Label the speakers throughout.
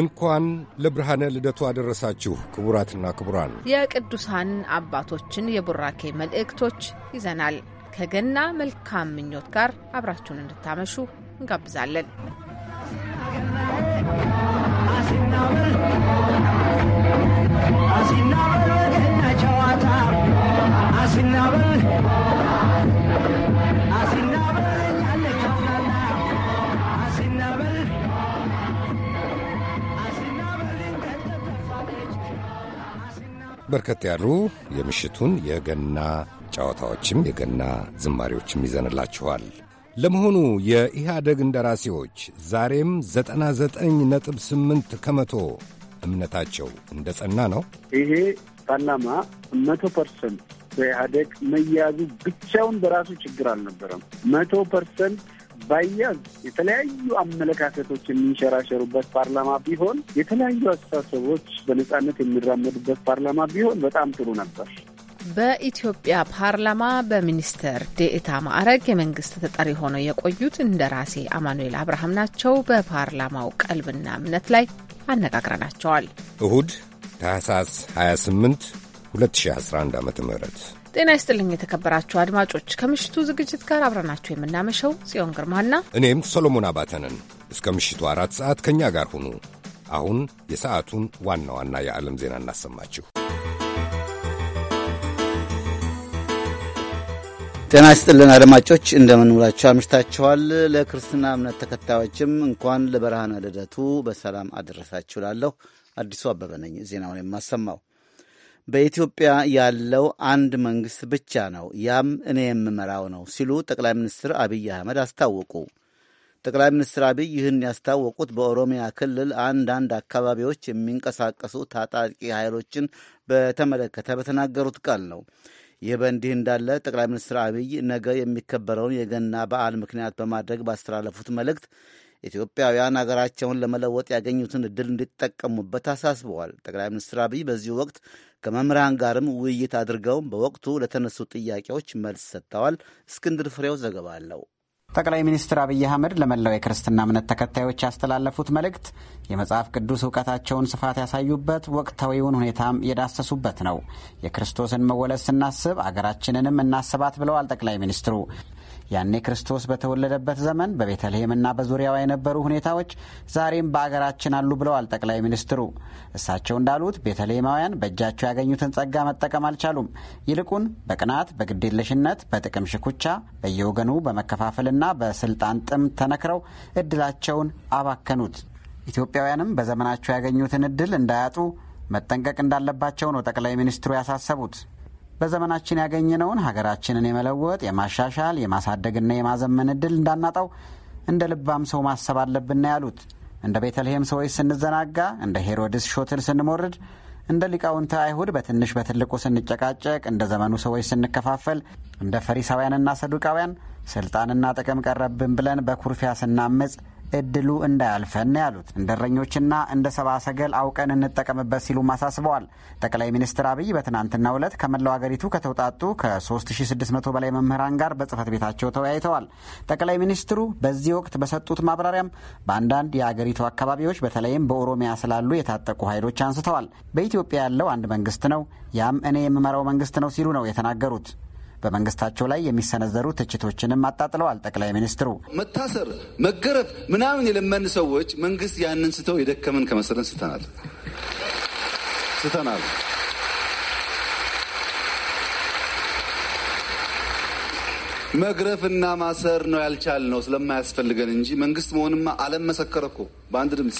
Speaker 1: እንኳን ለብርሃነ ልደቱ አደረሳችሁ። ክቡራትና ክቡራን
Speaker 2: የቅዱሳን አባቶችን የቡራኬ መልእክቶች ይዘናል። ከገና መልካም ምኞት ጋር አብራችሁን እንድታመሹ እንጋብዛለን።
Speaker 3: አሲናበል በገና ጨዋታ አሲናበል
Speaker 1: በርከት ያሉ የምሽቱን የገና ጨዋታዎችም የገና ዝማሪዎችም ይዘንላችኋል። ለመሆኑ የኢህአደግ እንደራሴዎች ዛሬም 99.8 ከመቶ እምነታቸው እንደ ጸና ነው።
Speaker 4: ይሄ ፓርላማ መቶ ፐርሰንት በኢህአደግ መያዙ ብቻውን በራሱ ችግር አልነበረም። መቶ ፐርሰንት ባያዝ የተለያዩ አመለካከቶች የሚንሸራሸሩበት ፓርላማ ቢሆን፣ የተለያዩ አስተሳሰቦች በነጻነት የሚራመዱበት ፓርላማ ቢሆን በጣም ጥሩ ነበር።
Speaker 2: በኢትዮጵያ ፓርላማ በሚኒስተር ዴኤታ ማዕረግ የመንግስት ተጠሪ ሆነው የቆዩት እንደራሴ አማኑኤል አብርሃም ናቸው። በፓርላማው ቀልብና እምነት ላይ አነጋግረናቸዋል።
Speaker 1: እሁድ ታህሳስ 28 2011 ዓ ም
Speaker 2: ጤና ይስጥልኝ የተከበራችሁ አድማጮች፣ ከምሽቱ ዝግጅት ጋር አብረናችሁ የምናመሸው ጽዮን ግርማና
Speaker 1: እኔም ሰሎሞን አባተንን። እስከ ምሽቱ አራት ሰዓት ከእኛ ጋር ሁኑ። አሁን የሰዓቱን ዋና ዋና የዓለም ዜና እናሰማችሁ።
Speaker 5: ጤና ይስጥልን አድማጮች፣ እንደምንውላችሁ አምሽታችኋል። ለክርስትና እምነት ተከታዮችም እንኳን ለብርሃነ ልደቱ በሰላም አደረሳችሁ። ላለሁ አዲሱ አበበ ነኝ ዜናውን የማሰማው በኢትዮጵያ ያለው አንድ መንግሥት ብቻ ነው፣ ያም እኔ የምመራው ነው ሲሉ ጠቅላይ ሚኒስትር አብይ አህመድ አስታወቁ። ጠቅላይ ሚኒስትር አብይ ይህን ያስታወቁት በኦሮሚያ ክልል አንዳንድ አካባቢዎች የሚንቀሳቀሱ ታጣቂ ኃይሎችን በተመለከተ በተናገሩት ቃል ነው። ይህ በእንዲህ እንዳለ ጠቅላይ ሚኒስትር አብይ ነገ የሚከበረውን የገና በዓል ምክንያት በማድረግ ባስተላለፉት መልእክት ኢትዮጵያውያን አገራቸውን ለመለወጥ ያገኙትን እድል እንዲጠቀሙበት አሳስበዋል። ጠቅላይ ሚኒስትር አብይ በዚሁ ወቅት ከመምህራን ጋርም ውይይት አድርገው በወቅቱ ለተነሱ ጥያቄዎች መልስ ሰጥተዋል። እስክንድር ፍሬው ዘገባ አለው።
Speaker 6: ጠቅላይ ሚኒስትር አብይ አህመድ ለመላው የክርስትና እምነት ተከታዮች ያስተላለፉት መልእክት የመጽሐፍ ቅዱስ እውቀታቸውን ስፋት ያሳዩበት፣ ወቅታዊውን ሁኔታም የዳሰሱበት ነው። የክርስቶስን መወለድ ስናስብ አገራችንንም እናስባት ብለዋል ጠቅላይ ሚኒስትሩ። ያኔ ክርስቶስ በተወለደበት ዘመን በቤተልሔምና በዙሪያዋ የነበሩ ሁኔታዎች ዛሬም በአገራችን አሉ ብለዋል ጠቅላይ ሚኒስትሩ። እሳቸው እንዳሉት ቤተልሔማውያን በእጃቸው ያገኙትን ጸጋ መጠቀም አልቻሉም። ይልቁን በቅናት፣ በግዴለሽነት፣ በጥቅም ሽኩቻ፣ በየወገኑ በመከፋፈልና በስልጣን ጥም ተነክረው እድላቸውን አባከኑት። ኢትዮጵያውያንም በዘመናቸው ያገኙትን እድል እንዳያጡ መጠንቀቅ እንዳለባቸው ነው ጠቅላይ ሚኒስትሩ ያሳሰቡት። በዘመናችን ያገኘነውን ሀገራችንን የመለወጥ የማሻሻል የማሳደግና የማዘመን እድል እንዳናጣው እንደ ልባም ሰው ማሰብ አለብን ያሉት እንደ ቤተልሔም ሰዎች ስንዘናጋ፣ እንደ ሄሮድስ ሾትል ስንሞርድ፣ እንደ ሊቃውንተ አይሁድ በትንሽ በትልቁ ስንጨቃጨቅ፣ እንደ ዘመኑ ሰዎች ስንከፋፈል፣ እንደ ፈሪሳውያንና ሰዱቃውያን ስልጣንና ጥቅም ቀረብን ብለን በኩርፊያ ስናምጽ እድሉ እንዳያልፈን ያሉት እንደረኞችና እንደ ሰባ ሰገል አውቀን እንጠቀምበት ሲሉ አሳስበዋል። ጠቅላይ ሚኒስትር አብይ በትናንትናው ዕለት ከመላው አገሪቱ ከተውጣጡ ከ3600 በላይ መምህራን ጋር በጽህፈት ቤታቸው ተወያይተዋል። ጠቅላይ ሚኒስትሩ በዚህ ወቅት በሰጡት ማብራሪያም በአንዳንድ የአገሪቱ አካባቢዎች በተለይም በኦሮሚያ ስላሉ የታጠቁ ኃይሎች አንስተዋል። በኢትዮጵያ ያለው አንድ መንግስት ነው፣ ያም እኔ የምመራው መንግስት ነው ሲሉ ነው የተናገሩት። በመንግስታቸው ላይ የሚሰነዘሩ ትችቶችንም አጣጥለዋል። ጠቅላይ ሚኒስትሩ መታሰር፣ መገረፍ ምናምን የለመን
Speaker 5: ሰዎች መንግስት ያንን ስተው የደከምን ከመሰለን ስተናል ስተናል። መግረፍና ማሰር ነው ያልቻል ነው ስለማያስፈልገን እንጂ መንግስት መሆንማ አለም መሰከረ እኮ በአንድ ድምፅ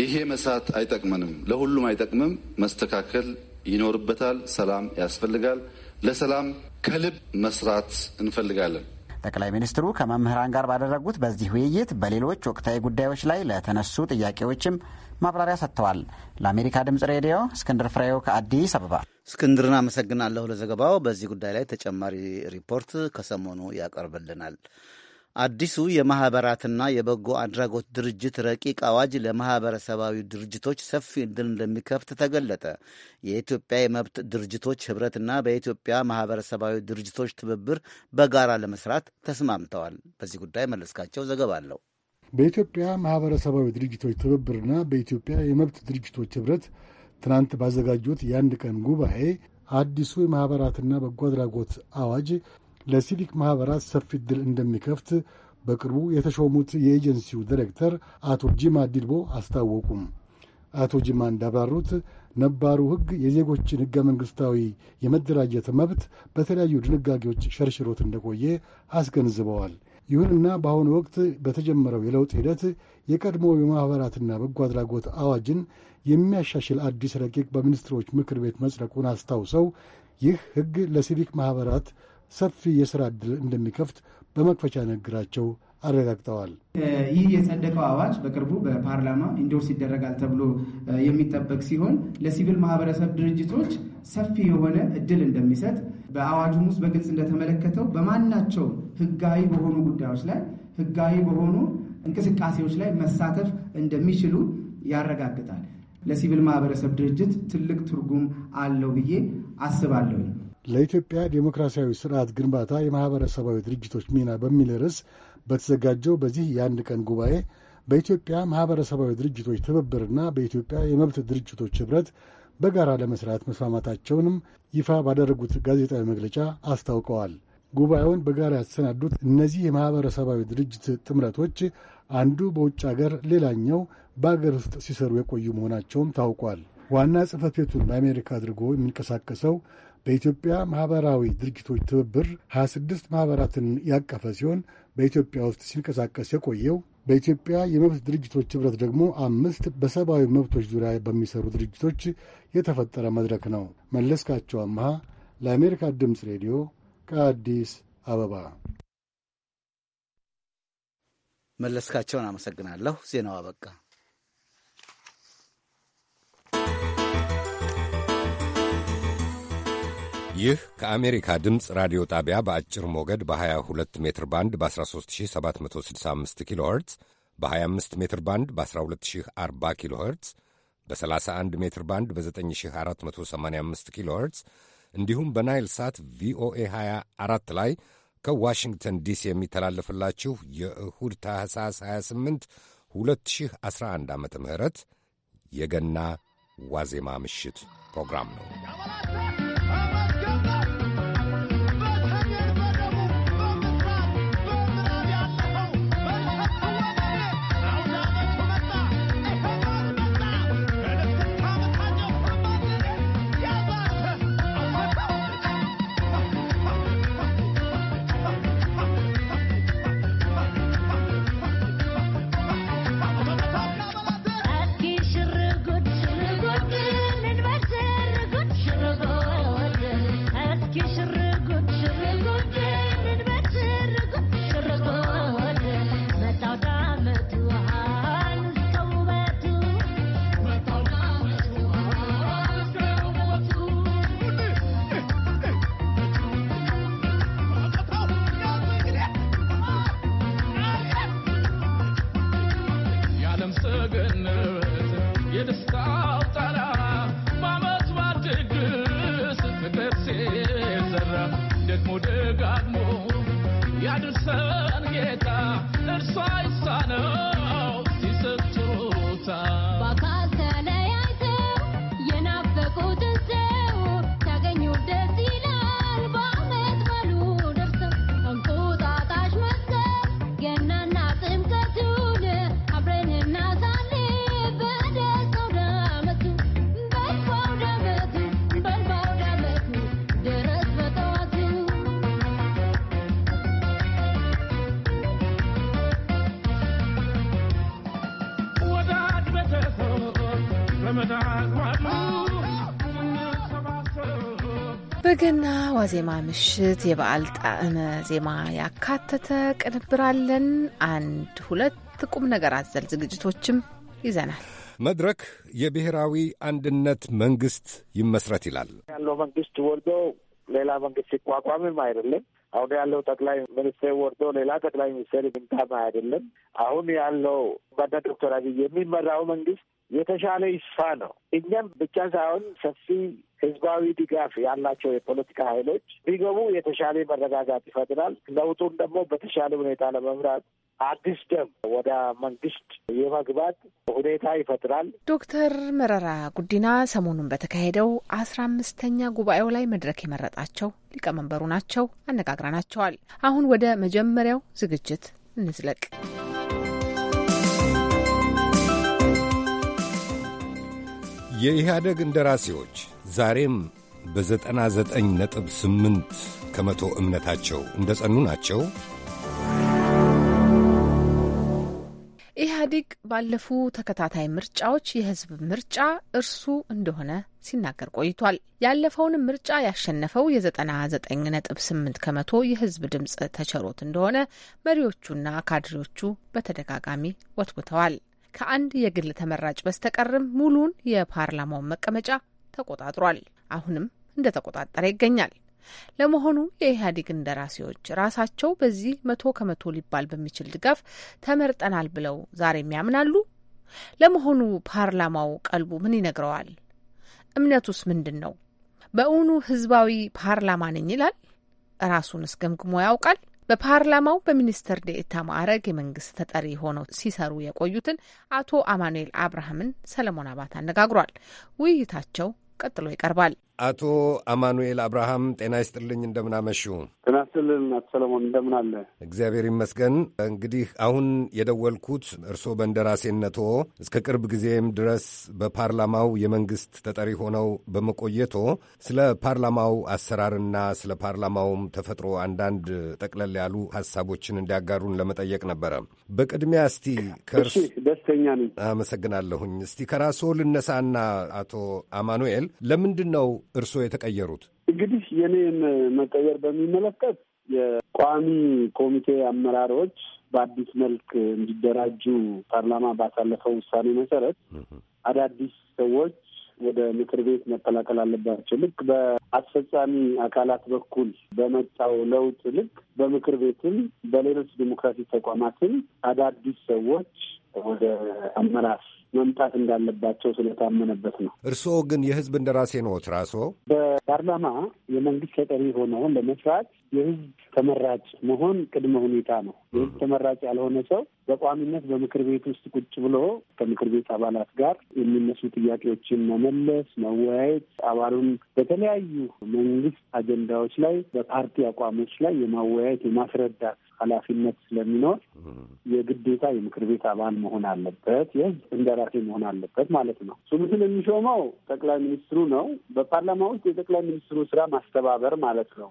Speaker 5: ይሄ መስራት አይጠቅመንም፣ ለሁሉም አይጠቅምም። መስተካከል ይኖርበታል። ሰላም ያስፈልጋል። ለሰላም ከልብ መስራት እንፈልጋለን።
Speaker 6: ጠቅላይ ሚኒስትሩ ከመምህራን ጋር ባደረጉት በዚህ ውይይት በሌሎች ወቅታዊ ጉዳዮች ላይ ለተነሱ ጥያቄዎችም ማብራሪያ ሰጥተዋል። ለአሜሪካ ድምጽ ሬዲዮ እስክንድር ፍሬው ከአዲስ አበባ።
Speaker 5: እስክንድርን አመሰግናለሁ ለዘገባው። በዚህ ጉዳይ ላይ ተጨማሪ ሪፖርት ከሰሞኑ ያቀርብልናል። አዲሱ የማኅበራትና የበጎ አድራጎት ድርጅት ረቂቅ አዋጅ ለማኅበረሰባዊ ድርጅቶች ሰፊ እድል እንደሚከፍት ተገለጠ። የኢትዮጵያ የመብት ድርጅቶች ኅብረትና በኢትዮጵያ ማኅበረሰባዊ ድርጅቶች ትብብር በጋራ ለመስራት ተስማምተዋል። በዚህ ጉዳይ መለስካቸው ዘገባ አለው።
Speaker 7: በኢትዮጵያ ማኅበረሰባዊ ድርጅቶች ትብብርና በኢትዮጵያ የመብት ድርጅቶች ኅብረት ትናንት ባዘጋጁት የአንድ ቀን ጉባኤ አዲሱ የማኅበራትና በጎ አድራጎት አዋጅ ለሲቪክ ማኅበራት ሰፊ ዕድል እንደሚከፍት በቅርቡ የተሾሙት የኤጀንሲው ዲሬክተር አቶ ጂማ ዲልቦ አስታወቁም። አቶ ጂማ እንዳብራሩት ነባሩ ሕግ የዜጎችን ሕገ መንግሥታዊ የመደራጀት መብት በተለያዩ ድንጋጌዎች ሸርሽሮት እንደቆየ አስገንዝበዋል። ይሁንና በአሁኑ ወቅት በተጀመረው የለውጥ ሂደት የቀድሞ የማኅበራትና በጎ አድራጎት አዋጅን የሚያሻሽል አዲስ ረቂቅ በሚኒስትሮች ምክር ቤት መጽደቁን አስታውሰው ይህ ሕግ ለሲቪክ ማኅበራት ሰፊ የሥራ ዕድል እንደሚከፍት በመክፈቻ ንግግራቸው አረጋግጠዋል።
Speaker 5: ይህ የጸደቀው አዋጅ በቅርቡ በፓርላማ ኢንዶርስ ይደረጋል ተብሎ የሚጠበቅ ሲሆን ለሲቪል ማህበረሰብ ድርጅቶች ሰፊ የሆነ እድል እንደሚሰጥ በአዋጁም ውስጥ በግልጽ እንደተመለከተው በማናቸው ህጋዊ በሆኑ ጉዳዮች ላይ ህጋዊ በሆኑ እንቅስቃሴዎች ላይ መሳተፍ እንደሚችሉ ያረጋግጣል። ለሲቪል ማህበረሰብ ድርጅት ትልቅ ትርጉም አለው ብዬ አስባለሁኝ?
Speaker 7: ለኢትዮጵያ ዴሞክራሲያዊ ስርዓት ግንባታ የማኅበረሰባዊ ድርጅቶች ሚና በሚል ርዕስ በተዘጋጀው በዚህ የአንድ ቀን ጉባኤ በኢትዮጵያ ማኅበረሰባዊ ድርጅቶች ትብብርና በኢትዮጵያ የመብት ድርጅቶች ኅብረት በጋራ ለመስራት መስማማታቸውንም ይፋ ባደረጉት ጋዜጣዊ መግለጫ አስታውቀዋል። ጉባኤውን በጋራ ያሰናዱት እነዚህ የማኅበረሰባዊ ድርጅት ጥምረቶች አንዱ በውጭ አገር ሌላኛው በአገር ውስጥ ሲሰሩ የቆዩ መሆናቸውም ታውቋል። ዋና ጽሕፈት ቤቱን በአሜሪካ አድርጎ የሚንቀሳቀሰው በኢትዮጵያ ማኅበራዊ ድርጅቶች ትብብር 26 ማኅበራትን ያቀፈ ሲሆን በኢትዮጵያ ውስጥ ሲንቀሳቀስ የቆየው በኢትዮጵያ የመብት ድርጅቶች ኅብረት ደግሞ አምስት በሰብአዊ መብቶች ዙሪያ በሚሰሩ ድርጅቶች የተፈጠረ መድረክ ነው። መለስካቸው አምሃ ለአሜሪካ ድምፅ ሬዲዮ ከአዲስ
Speaker 5: አበባ። መለስካቸውን አመሰግናለሁ። ዜናው አበቃ።
Speaker 1: ይህ ከአሜሪካ ድምፅ ራዲዮ ጣቢያ በአጭር ሞገድ በ22 ሜትር ባንድ በ13765 ኪሎ ኸርትዝ በ25 ሜትር ባንድ በ1240 ኪሎ ኸርትዝ በ31 ሜትር ባንድ በ9485 ኪሎ ኸርትዝ እንዲሁም በናይል ሳት ቪኦኤ 24 ላይ ከዋሽንግተን ዲሲ የሚተላለፍላችሁ የእሁድ ታህሳስ 28 2011 ዓ ም የገና ዋዜማ ምሽት ፕሮግራም ነው።
Speaker 8: sai sana
Speaker 2: የገና ዋዜማ ምሽት የበዓል ጣዕመ ዜማ ያካተተ ቅንብራለን። አንድ ሁለት ቁም ነገር አዘል ዝግጅቶችም ይዘናል።
Speaker 1: መድረክ የብሔራዊ አንድነት መንግስት ይመስረት ይላል።
Speaker 4: ያለው መንግስት ወርዶ ሌላ መንግስት ሲቋቋምም አይደለም። አሁን ያለው ጠቅላይ ሚኒስቴር ወርዶ ሌላ ጠቅላይ ሚኒስቴር ይምጣም አይደለም። አሁን ያለው በነ ዶክተር አብይ የሚመራው መንግስት የተሻለ ይስፋ ነው። እኛም ብቻ ሳይሆን ሰፊ ህዝባዊ ድጋፍ ያላቸው የፖለቲካ ኃይሎች ቢገቡ የተሻለ መረጋጋት ይፈጥራል። ለውጡን ደግሞ በተሻለ ሁኔታ ለመምራት አዲስ ደም ወደ መንግስት የመግባት ሁኔታ ይፈጥራል።
Speaker 2: ዶክተር መረራ ጉዲና ሰሞኑን በተካሄደው አስራ አምስተኛ ጉባኤው ላይ መድረክ የመረጣቸው ሊቀመንበሩ ናቸው። አነጋግረናቸዋል። አሁን ወደ መጀመሪያው ዝግጅት እንዝለቅ።
Speaker 1: የኢህአደግ እንደራሴዎች ዛሬም በ99.8 ከመቶ እምነታቸው እንደ ጸኑ ናቸው።
Speaker 2: ኢህአዲግ ባለፉ ተከታታይ ምርጫዎች የህዝብ ምርጫ እርሱ እንደሆነ ሲናገር ቆይቷል። ያለፈውንም ምርጫ ያሸነፈው የ99.8 ከመቶ የህዝብ ድምፅ ተቸሮት እንደሆነ መሪዎቹና ካድሬዎቹ በተደጋጋሚ ወትውተዋል። ከአንድ የግል ተመራጭ በስተቀርም ሙሉን የፓርላማውን መቀመጫ ተቆጣጥሯል። አሁንም እንደተቆጣጠረ ይገኛል። ለመሆኑ የኢህአዴግ እንደራሴዎች ራሳቸው በዚህ መቶ ከመቶ ሊባል በሚችል ድጋፍ ተመርጠናል ብለው ዛሬም ያምናሉ? ለመሆኑ ፓርላማው ቀልቡ ምን ይነግረዋል? እምነቱስ ምንድን ነው? በእውኑ ህዝባዊ ፓርላማ ነኝ ይላል? ራሱን እስገምግሞ ያውቃል? በፓርላማው በሚኒስትር ዴኤታ ማዕረግ የመንግስት ተጠሪ ሆነው ሲሰሩ የቆዩትን አቶ አማኑኤል አብርሃምን ሰለሞን አባት አነጋግሯል። ውይይታቸው ቀጥሎ
Speaker 1: ይቀርባል። አቶ አማኑኤል አብርሃም ጤና ይስጥልኝ፣ እንደምናመሹ።
Speaker 4: ጤና ይስጥልን አቶ ሰለሞን፣ እንደምን አለ?
Speaker 1: እግዚአብሔር ይመስገን። እንግዲህ አሁን የደወልኩት እርስዎ በእንደራሴነቶ እስከ ቅርብ ጊዜም ድረስ በፓርላማው የመንግስት ተጠሪ ሆነው በመቆየቶ ስለ ፓርላማው አሰራርና ስለ ፓርላማውም ተፈጥሮ አንዳንድ ጠቅለል ያሉ ሀሳቦችን እንዲያጋሩን ለመጠየቅ ነበረ። በቅድሚያ እስቲ ከእርስ ደስተኛ ነኝ። አመሰግናለሁኝ። እስቲ ከራስዎ ልነሳና አቶ አማኑኤል ለምንድን ነው እርስዎ የተቀየሩት?
Speaker 4: እንግዲህ የኔን መቀየር በሚመለከት የቋሚ ኮሚቴ አመራሮች በአዲስ መልክ እንዲደራጁ ፓርላማ ባሳለፈው ውሳኔ መሰረት አዳዲስ ሰዎች ወደ ምክር ቤት መቀላቀል አለባቸው። ልክ በአስፈጻሚ አካላት በኩል በመጣው ለውጥ ልክ በምክር ቤትም በሌሎች ዲሞክራሲ ተቋማትም አዳዲስ ሰዎች ወደ አመራር መምጣት እንዳለባቸው ስለታመነበት ነው።
Speaker 1: እርስዎ ግን የህዝብ እንደራሴ ነዎት። ራስዎ
Speaker 4: በፓርላማ የመንግስት ተጠሪ ሆነው ለመስራት የህዝብ ተመራጭ መሆን ቅድመ ሁኔታ ነው። የህዝብ ተመራጭ ያልሆነ ሰው በቋሚነት በምክር ቤት ውስጥ ቁጭ ብሎ ከምክር ቤት አባላት ጋር የሚነሱ ጥያቄዎችን መመለስ፣ መወያየት፣ አባሉን በተለያዩ መንግስት አጀንዳዎች ላይ በፓርቲ አቋሞች ላይ የማወያየት የማስረዳት ኃላፊነት ስለሚኖር የግዴታ የምክር ቤት አባል መሆን አለበት፣ የህዝብ እንደራሴ መሆን አለበት ማለት ነው። ሹምትን የሚሾመው ጠቅላይ ሚኒስትሩ ነው። በፓርላማ ውስጥ የጠቅላይ ሚኒስትሩ ስራ ማስተባበር ማለት ነው።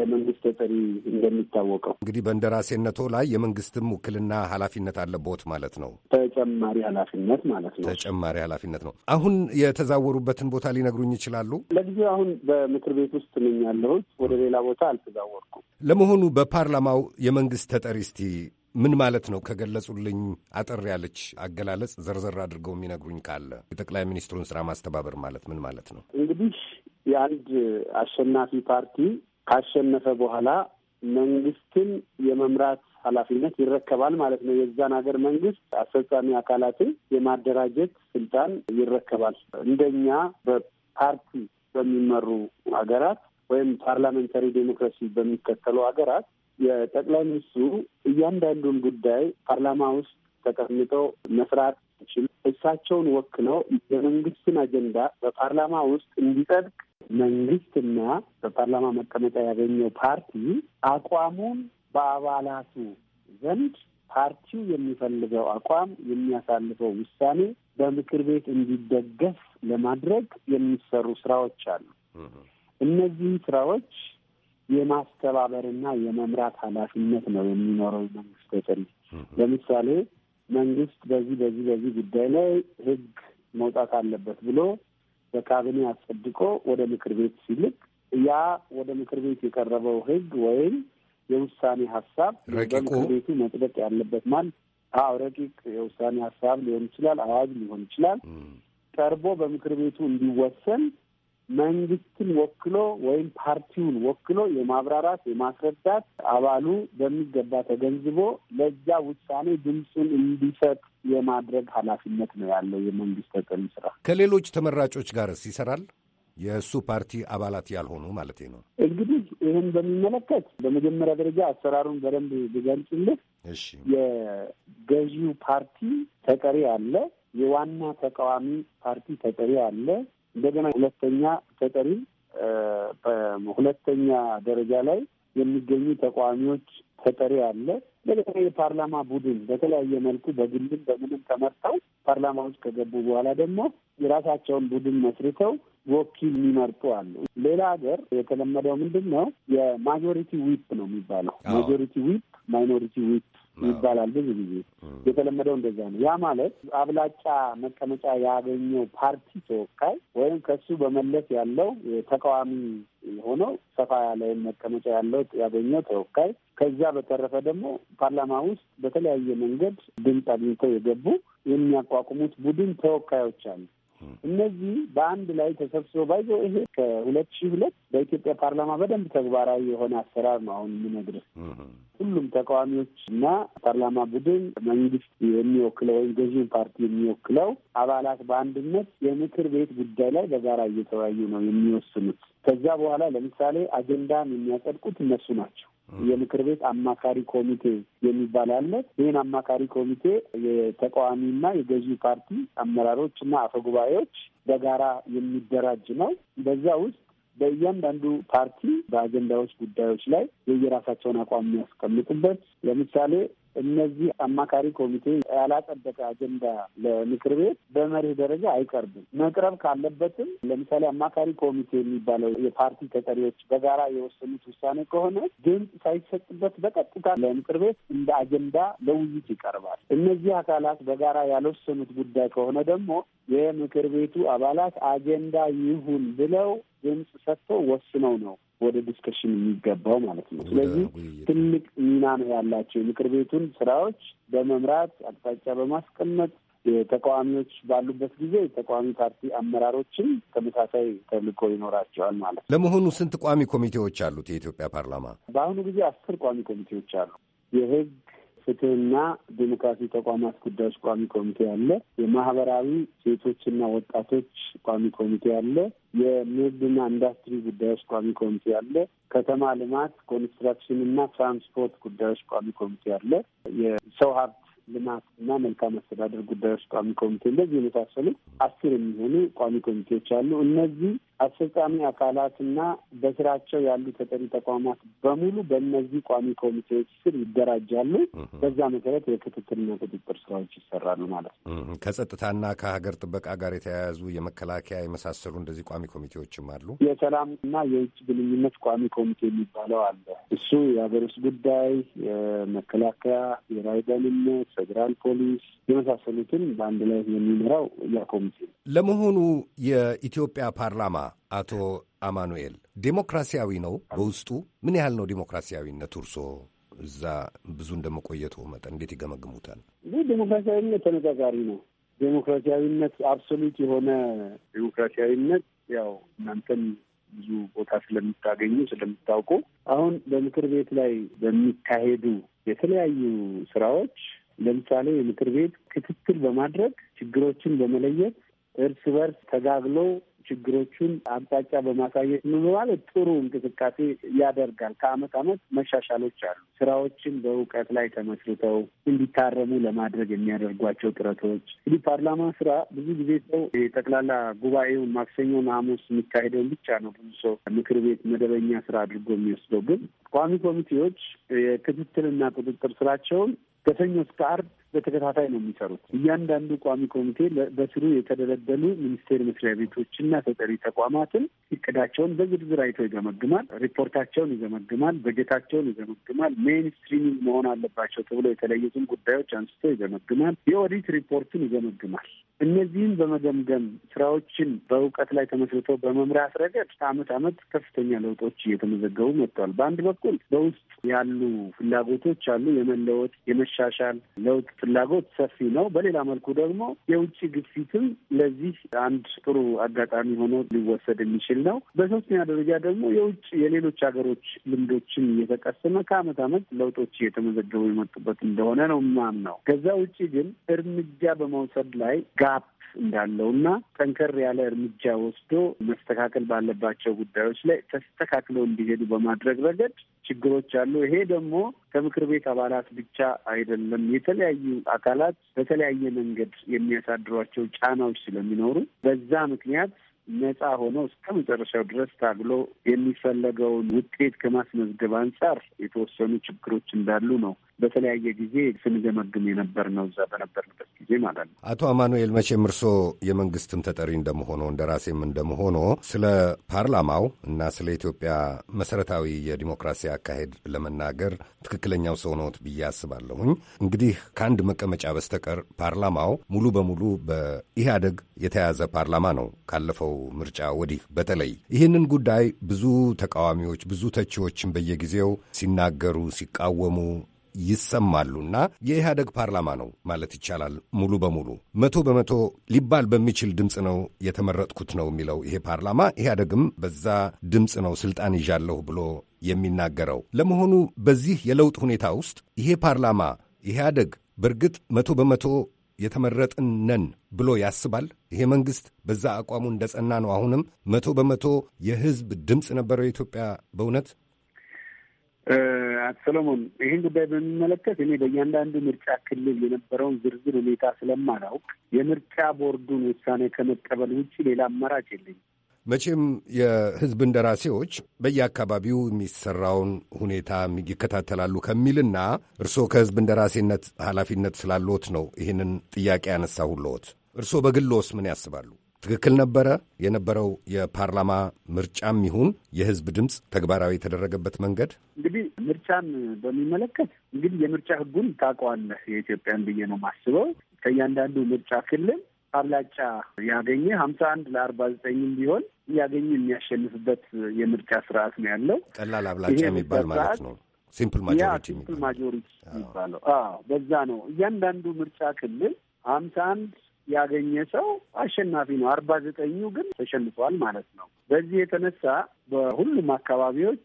Speaker 4: የመንግስት ተጠሪ እንደሚታወቀው
Speaker 1: እንግዲህ በእንደራሴነቶ ላይ የመንግስትም ውክልና ኃላፊነት አለቦት ማለት ነው። ተጨማሪ ኃላፊነት ማለት ነው። ተጨማሪ ኃላፊነት ነው። አሁን የተዛወሩበትን ቦታ ሊነግሩኝ ይችላሉ?
Speaker 4: ለጊዜው አሁን በምክር ቤት ውስጥ ነኝ ያለሁት። ወደ ሌላ ቦታ አልተዛወርኩም።
Speaker 1: ለመሆኑ በፓርላማው የመንግስት ተጠሪ እስቲ ምን ማለት ነው? ከገለጹልኝ አጠር ያለች አገላለጽ ዘርዘር አድርገው የሚነግሩኝ ካለ የጠቅላይ ሚኒስትሩን ስራ ማስተባበር ማለት ምን ማለት ነው?
Speaker 4: እንግዲህ የአንድ አሸናፊ ፓርቲ ካሸነፈ በኋላ መንግስትን የመምራት ኃላፊነት ይረከባል ማለት ነው። የዛን ሀገር መንግስት አስፈጻሚ አካላትን የማደራጀት ስልጣን ይረከባል። እንደኛ በፓርቲ በሚመሩ ሀገራት ወይም ፓርላሜንታሪ ዴሞክራሲ በሚከተሉ ሀገራት የጠቅላይ ሚኒስትሩ እያንዳንዱን ጉዳይ ፓርላማ ውስጥ ተቀምጠው መስራት ይችል እሳቸውን ወክለው የመንግስትን አጀንዳ በፓርላማ ውስጥ እንዲጸድቅ መንግስትና በፓርላማ መቀመጫ ያገኘው ፓርቲ አቋሙን በአባላቱ ዘንድ ፓርቲው የሚፈልገው አቋም የሚያሳልፈው ውሳኔ በምክር ቤት እንዲደገፍ ለማድረግ የሚሰሩ ስራዎች አሉ። እነዚህ ስራዎች የማስተባበርና የመምራት ኃላፊነት ነው የሚኖረው መንግስት ተጠሪ። ለምሳሌ መንግስት በዚህ በዚህ በዚህ ጉዳይ ላይ ህግ መውጣት አለበት ብሎ በካቢኔ አጸድቆ ወደ ምክር ቤት ሲልክ ያ ወደ ምክር ቤት የቀረበው ህግ ወይም የውሳኔ ሀሳብ በምክር ቤቱ መጽደቅ ያለበት ማን? አዎ፣ ረቂቅ የውሳኔ ሀሳብ ሊሆን ይችላል፣ አዋጅ ሊሆን ይችላል። ቀርቦ በምክር ቤቱ እንዲወሰን መንግስትን ወክሎ ወይም ፓርቲውን ወክሎ የማብራራት የማስረዳት አባሉ በሚገባ ተገንዝቦ ለዛ ውሳኔ ድምፁን እንዲሰጥ የማድረግ
Speaker 1: ኃላፊነት ነው ያለው የመንግስት ተጠሪ ስራ። ከሌሎች ተመራጮች ጋርስ ይሰራል? የእሱ ፓርቲ አባላት ያልሆኑ ማለት ነው።
Speaker 4: እንግዲህ ይህን በሚመለከት በመጀመሪያ ደረጃ አሰራሩን በደንብ ብገልጽልህ፣ የገዢው ፓርቲ ተጠሪ አለ፣ የዋና ተቃዋሚ ፓርቲ ተጠሪ አለ። እንደገና ሁለተኛ ተጠሪ በሁለተኛ ደረጃ ላይ የሚገኙ ተቃዋሚዎች ተጠሪ አለ። እንደገና የፓርላማ ቡድን በተለያየ መልኩ በግልም በምንም ተመርተው ፓርላማ ውስጥ ከገቡ በኋላ ደግሞ የራሳቸውን ቡድን መስርተው ወኪል የሚመርጡ አሉ። ሌላ ሀገር የተለመደው ምንድን ነው? የማጆሪቲ ዊፕ ነው የሚባለው። ማጆሪቲ ዊፕ፣ ማይኖሪቲ ዊፕ ይባላል። ብዙ ጊዜ የተለመደው እንደዛ ነው። ያ ማለት አብላጫ መቀመጫ ያገኘው ፓርቲ ተወካይ ወይም ከሱ በመለስ ያለው ተቃዋሚ የሆነው ሰፋ ያለውን መቀመጫ ያለው ያገኘው ተወካይ፣ ከዛ በተረፈ ደግሞ ፓርላማ ውስጥ በተለያየ መንገድ ድምፅ አግኝተው የገቡ የሚያቋቁሙት ቡድን ተወካዮች አሉ። እነዚህ በአንድ ላይ ተሰብስቦ ባይዞ ይሄ ከሁለት ሺህ ሁለት በኢትዮጵያ ፓርላማ በደንብ ተግባራዊ የሆነ አሰራር ነው። አሁን የምነግርህ ሁሉም ተቃዋሚዎች እና ፓርላማ ቡድን መንግስት የሚወክለው ወይም ገዢውን ፓርቲ የሚወክለው አባላት በአንድነት የምክር ቤት ጉዳይ ላይ በጋራ እየተወያዩ ነው የሚወስኑት። ከዛ በኋላ ለምሳሌ አጀንዳን የሚያጸድቁት እነሱ ናቸው። የምክር ቤት አማካሪ ኮሚቴ የሚባል አለ። ይህን አማካሪ ኮሚቴ የተቃዋሚና የገዢ ፓርቲ አመራሮች እና አፈጉባኤዎች በጋራ የሚደራጅ ነው። በዛ ውስጥ በእያንዳንዱ ፓርቲ በአጀንዳዎች ጉዳዮች ላይ የየራሳቸውን አቋም የሚያስቀምጡበት ለምሳሌ እነዚህ አማካሪ ኮሚቴ ያላጸደቀ አጀንዳ ለምክር ቤት በመርህ ደረጃ አይቀርብም። መቅረብ ካለበትም ለምሳሌ አማካሪ ኮሚቴ የሚባለው የፓርቲ ተጠሪዎች በጋራ የወሰኑት ውሳኔ ከሆነ ድምፅ ሳይሰጥበት በቀጥታ ለምክር ቤት እንደ አጀንዳ ለውይይት ይቀርባል። እነዚህ አካላት በጋራ ያልወሰኑት ጉዳይ ከሆነ ደግሞ የምክር ቤቱ አባላት አጀንዳ ይሁን ብለው ድምፅ ሰጥቶ ወስነው ነው ወደ ዲስከሽን የሚገባው ማለት ነው። ስለዚህ ትልቅ ሚና ነው ያላቸው የምክር ቤቱን ስራዎች በመምራት አቅጣጫ በማስቀመጥ የተቃዋሚዎች ባሉበት ጊዜ የተቃዋሚ ፓርቲ አመራሮችን ተመሳሳይ ተልእኮ ይኖራቸዋል
Speaker 1: ማለት ነው። ለመሆኑ ስንት ቋሚ ኮሚቴዎች አሉት የኢትዮጵያ ፓርላማ?
Speaker 4: በአሁኑ ጊዜ አስር ቋሚ ኮሚቴዎች አሉ። የህዝብ ፍትህና ዴሞክራሲ ተቋማት ጉዳዮች ቋሚ ኮሚቴ አለ። የማህበራዊ ሴቶችና ወጣቶች ቋሚ ኮሚቴ አለ። የንግድና ኢንዱስትሪ ጉዳዮች ቋሚ ኮሚቴ አለ። ከተማ ልማት ኮንስትራክሽንና ትራንስፖርት ጉዳዮች ቋሚ ኮሚቴ አለ። የሰው ሀብት ልማት እና መልካም አስተዳደር ጉዳዮች ቋሚ ኮሚቴ እንደዚህ የመሳሰሉ አስር የሚሆኑ ቋሚ ኮሚቴዎች አሉ። እነዚህ አስፈጻሚ አካላትና በስራቸው ያሉ ተጠሪ ተቋማት በሙሉ በእነዚህ ቋሚ ኮሚቴዎች ስር ይደራጃሉ። በዛ መሰረት የክትትልና ቁጥጥር ስራዎች ይሰራሉ ማለት
Speaker 1: ነው። ከጸጥታና ከሀገር ጥበቃ ጋር የተያያዙ የመከላከያ የመሳሰሉ እንደዚህ ቋሚ ኮሚቴዎችም አሉ።
Speaker 4: የሰላምና የውጭ ግንኙነት ቋሚ ኮሚቴ የሚባለው አለ። እሱ የሀገር ውስጥ ጉዳይ፣ የመከላከያ፣ የራይ ደህንነት፣ ፌዴራል ፖሊስ የመሳሰሉትን በአንድ ላይ የሚመራው ያ ኮሚቴ ነው።
Speaker 1: ለመሆኑ የኢትዮጵያ ፓርላማ አቶ አማኑኤል ዴሞክራሲያዊ ነው በውስጡ? ምን ያህል ነው ዴሞክራሲያዊነቱ? እርስዎ እዛ ብዙ እንደመቆየቱ መጠን እንዴት ይገመግሙታል?
Speaker 4: ይህ ዴሞክራሲያዊነት ተነጻጻሪ ነው። ዴሞክራሲያዊነት አብሶሉት የሆነ ዴሞክራሲያዊነት ያው እናንተም ብዙ ቦታ ስለምታገኙ ስለምታውቁ አሁን በምክር ቤት ላይ በሚካሄዱ የተለያዩ ስራዎች ለምሳሌ የምክር ቤት ክትትል በማድረግ ችግሮችን በመለየት እርስ በርስ ተጋግሎ ችግሮቹን አቅጣጫ በማሳየት ምን ማለት ጥሩ እንቅስቃሴ ያደርጋል። ከአመት አመት መሻሻሎች አሉ። ስራዎችን በእውቀት ላይ ተመስርተው እንዲታረሙ ለማድረግ የሚያደርጓቸው ጥረቶች እንግዲህ ፓርላማ ስራ ብዙ ጊዜ ሰው የጠቅላላ ጉባኤውን ማክሰኞና ሐሙስ የሚካሄደውን ብቻ ነው ብዙ ሰው ምክር ቤት መደበኛ ስራ አድርጎ የሚወስደው። ግን ቋሚ ኮሚቴዎች የክትትልና ቁጥጥር ስራቸውን ከሰኞ እስከ አርብ በተከታታይ ነው የሚሰሩት። እያንዳንዱ ቋሚ ኮሚቴ በስሩ የተደለደሉ ሚኒስቴር መስሪያ ቤቶችና ተጠሪ ተቋማትን እቅዳቸውን በዝርዝር አይቶ ይገመግማል፣ ሪፖርታቸውን ይገመግማል፣ በጀታቸውን ይገመግማል። ሜን ስትሪሚንግ መሆን አለባቸው ተብሎ የተለየቱን ጉዳዮች አንስቶ ይገመግማል፣ የኦዲት ሪፖርትን ይገመግማል። እነዚህም በመገምገም ስራዎችን በእውቀት ላይ ተመስርቶ በመምራት ረገድ ከአመት አመት ከፍተኛ ለውጦች እየተመዘገቡ መጥተዋል። በአንድ በኩል በውስጥ ያሉ ፍላጎቶች አሉ፣ የመለወጥ የመሻሻል ለውጥ ፍላጎት ሰፊ ነው። በሌላ መልኩ ደግሞ የውጭ ግፊትም ለዚህ አንድ ጥሩ አጋጣሚ ሆኖ ሊወሰድ የሚችል ነው። በሶስተኛ ደረጃ ደግሞ የውጭ የሌሎች ሀገሮች ልምዶችን እየተቀሰመ ከአመት አመት ለውጦች እየተመዘገቡ የመጡበት እንደሆነ ነው ማምነው። ከዛ ውጭ ግን እርምጃ በመውሰድ ላይ ጋፕ እንዳለው እና ጠንከር ያለ እርምጃ ወስዶ መስተካከል ባለባቸው ጉዳዮች ላይ ተስተካክለው እንዲሄዱ በማድረግ ረገድ ችግሮች አሉ። ይሄ ደግሞ ከምክር ቤት አባላት ብቻ አይደለም። የተለያዩ አካላት በተለያየ መንገድ የሚያሳድሯቸው ጫናዎች ስለሚኖሩ በዛ ምክንያት ነፃ ሆኖ እስከ መጨረሻው ድረስ ታግሎ የሚፈለገውን ውጤት ከማስመዝገብ አንጻር የተወሰኑ ችግሮች እንዳሉ ነው በተለያየ ጊዜ ስንገመግም የነበር ነው እዛ በነበርንበት ጊዜ ማለት
Speaker 1: ነው። አቶ አማኑኤል መቼም እርሶ የመንግስትም ተጠሪ እንደመሆኖ እንደ ራሴም እንደመሆኖ ስለ ፓርላማው እና ስለ ኢትዮጵያ መሰረታዊ የዲሞክራሲ አካሄድ ለመናገር ትክክለኛው ሰው ነዎት ብዬ አስባለሁኝ። እንግዲህ ከአንድ መቀመጫ በስተቀር ፓርላማው ሙሉ በሙሉ በኢህአደግ የተያዘ ፓርላማ ነው ካለፈው ምርጫ ወዲህ። በተለይ ይህንን ጉዳይ ብዙ ተቃዋሚዎች ብዙ ተቺዎችን በየጊዜው ሲናገሩ ሲቃወሙ ይሰማሉና የኢህአደግ ፓርላማ ነው ማለት ይቻላል። ሙሉ በሙሉ መቶ በመቶ ሊባል በሚችል ድምፅ ነው የተመረጥኩት ነው የሚለው ይሄ ፓርላማ። ኢህአደግም በዛ ድምፅ ነው ስልጣን ይዣለሁ ብሎ የሚናገረው። ለመሆኑ በዚህ የለውጥ ሁኔታ ውስጥ ይሄ ፓርላማ ኢህአደግ በእርግጥ መቶ በመቶ የተመረጥን ነን ብሎ ያስባል? ይሄ መንግስት በዛ አቋሙ እንደጸና ነው አሁንም መቶ በመቶ የህዝብ ድምፅ ነበረው የኢትዮጵያ በእውነት
Speaker 4: አቶ ሰለሞን ይህን ጉዳይ በሚመለከት እኔ በእያንዳንዱ ምርጫ ክልል የነበረውን ዝርዝር ሁኔታ ስለማላውቅ የምርጫ ቦርዱን ውሳኔ ከመቀበል ውጭ ሌላ አማራጭ የለኝም።
Speaker 1: መቼም የህዝብ እንደራሴዎች በየአካባቢው የሚሰራውን ሁኔታ ይከታተላሉ ከሚልና እርስዎ ከህዝብ እንደራሴነት ኃላፊነት ስላለዎት ነው ይህንን ጥያቄ ያነሳሁልዎት። እርስዎ በግሎስ ምን ያስባሉ? ትክክል ነበረ? የነበረው የፓርላማ ምርጫም ይሁን የህዝብ ድምፅ ተግባራዊ የተደረገበት መንገድ
Speaker 4: እንግዲህ ምርጫን በሚመለከት እንግዲህ የምርጫ ህጉን ታውቀዋለህ የኢትዮጵያን ብዬ ነው ማስበው ከእያንዳንዱ ምርጫ ክልል አብላጫ ያገኘ ሀምሳ አንድ ለአርባ ዘጠኝም ቢሆን ያገኘ የሚያሸንፍበት የምርጫ ስርዓት ነው ያለው። ቀላል አብላጫ የሚባል ማለት ነው።
Speaker 1: ሲምፕል ማጆሪቲ
Speaker 4: ሲምፕል ማጆሪቲ የሚባለው በዛ ነው። እያንዳንዱ ምርጫ ክልል ሀምሳ አንድ ያገኘ ሰው አሸናፊ ነው። አርባ ዘጠኙ ግን ተሸንፏል ማለት ነው። በዚህ የተነሳ በሁሉም አካባቢዎች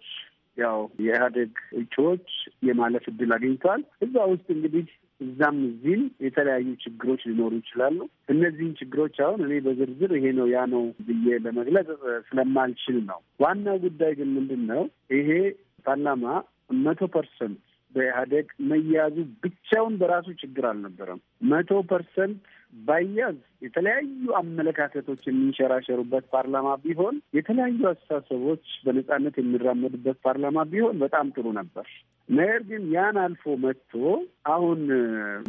Speaker 4: ያው የኢህአዴግ እጩዎች የማለፍ እድል አግኝተዋል። እዛ ውስጥ እንግዲህ እዛም እዚህም የተለያዩ ችግሮች ሊኖሩ ይችላሉ። እነዚህን ችግሮች አሁን እኔ በዝርዝር ይሄ ነው ያ ነው ብዬ ለመግለጽ ስለማልችል ነው። ዋናው ጉዳይ ግን ምንድን ነው ይሄ ፓርላማ መቶ ፐርሰንት በኢህአዴግ መያዙ ብቻውን በራሱ ችግር አልነበረም። መቶ ፐርሰንት ባያዝ የተለያዩ አመለካከቶች የሚንሸራሸሩበት ፓርላማ ቢሆን የተለያዩ አስተሳሰቦች በነጻነት የሚራመዱበት ፓርላማ ቢሆን በጣም ጥሩ ነበር። ነገር ግን ያን አልፎ መጥቶ አሁን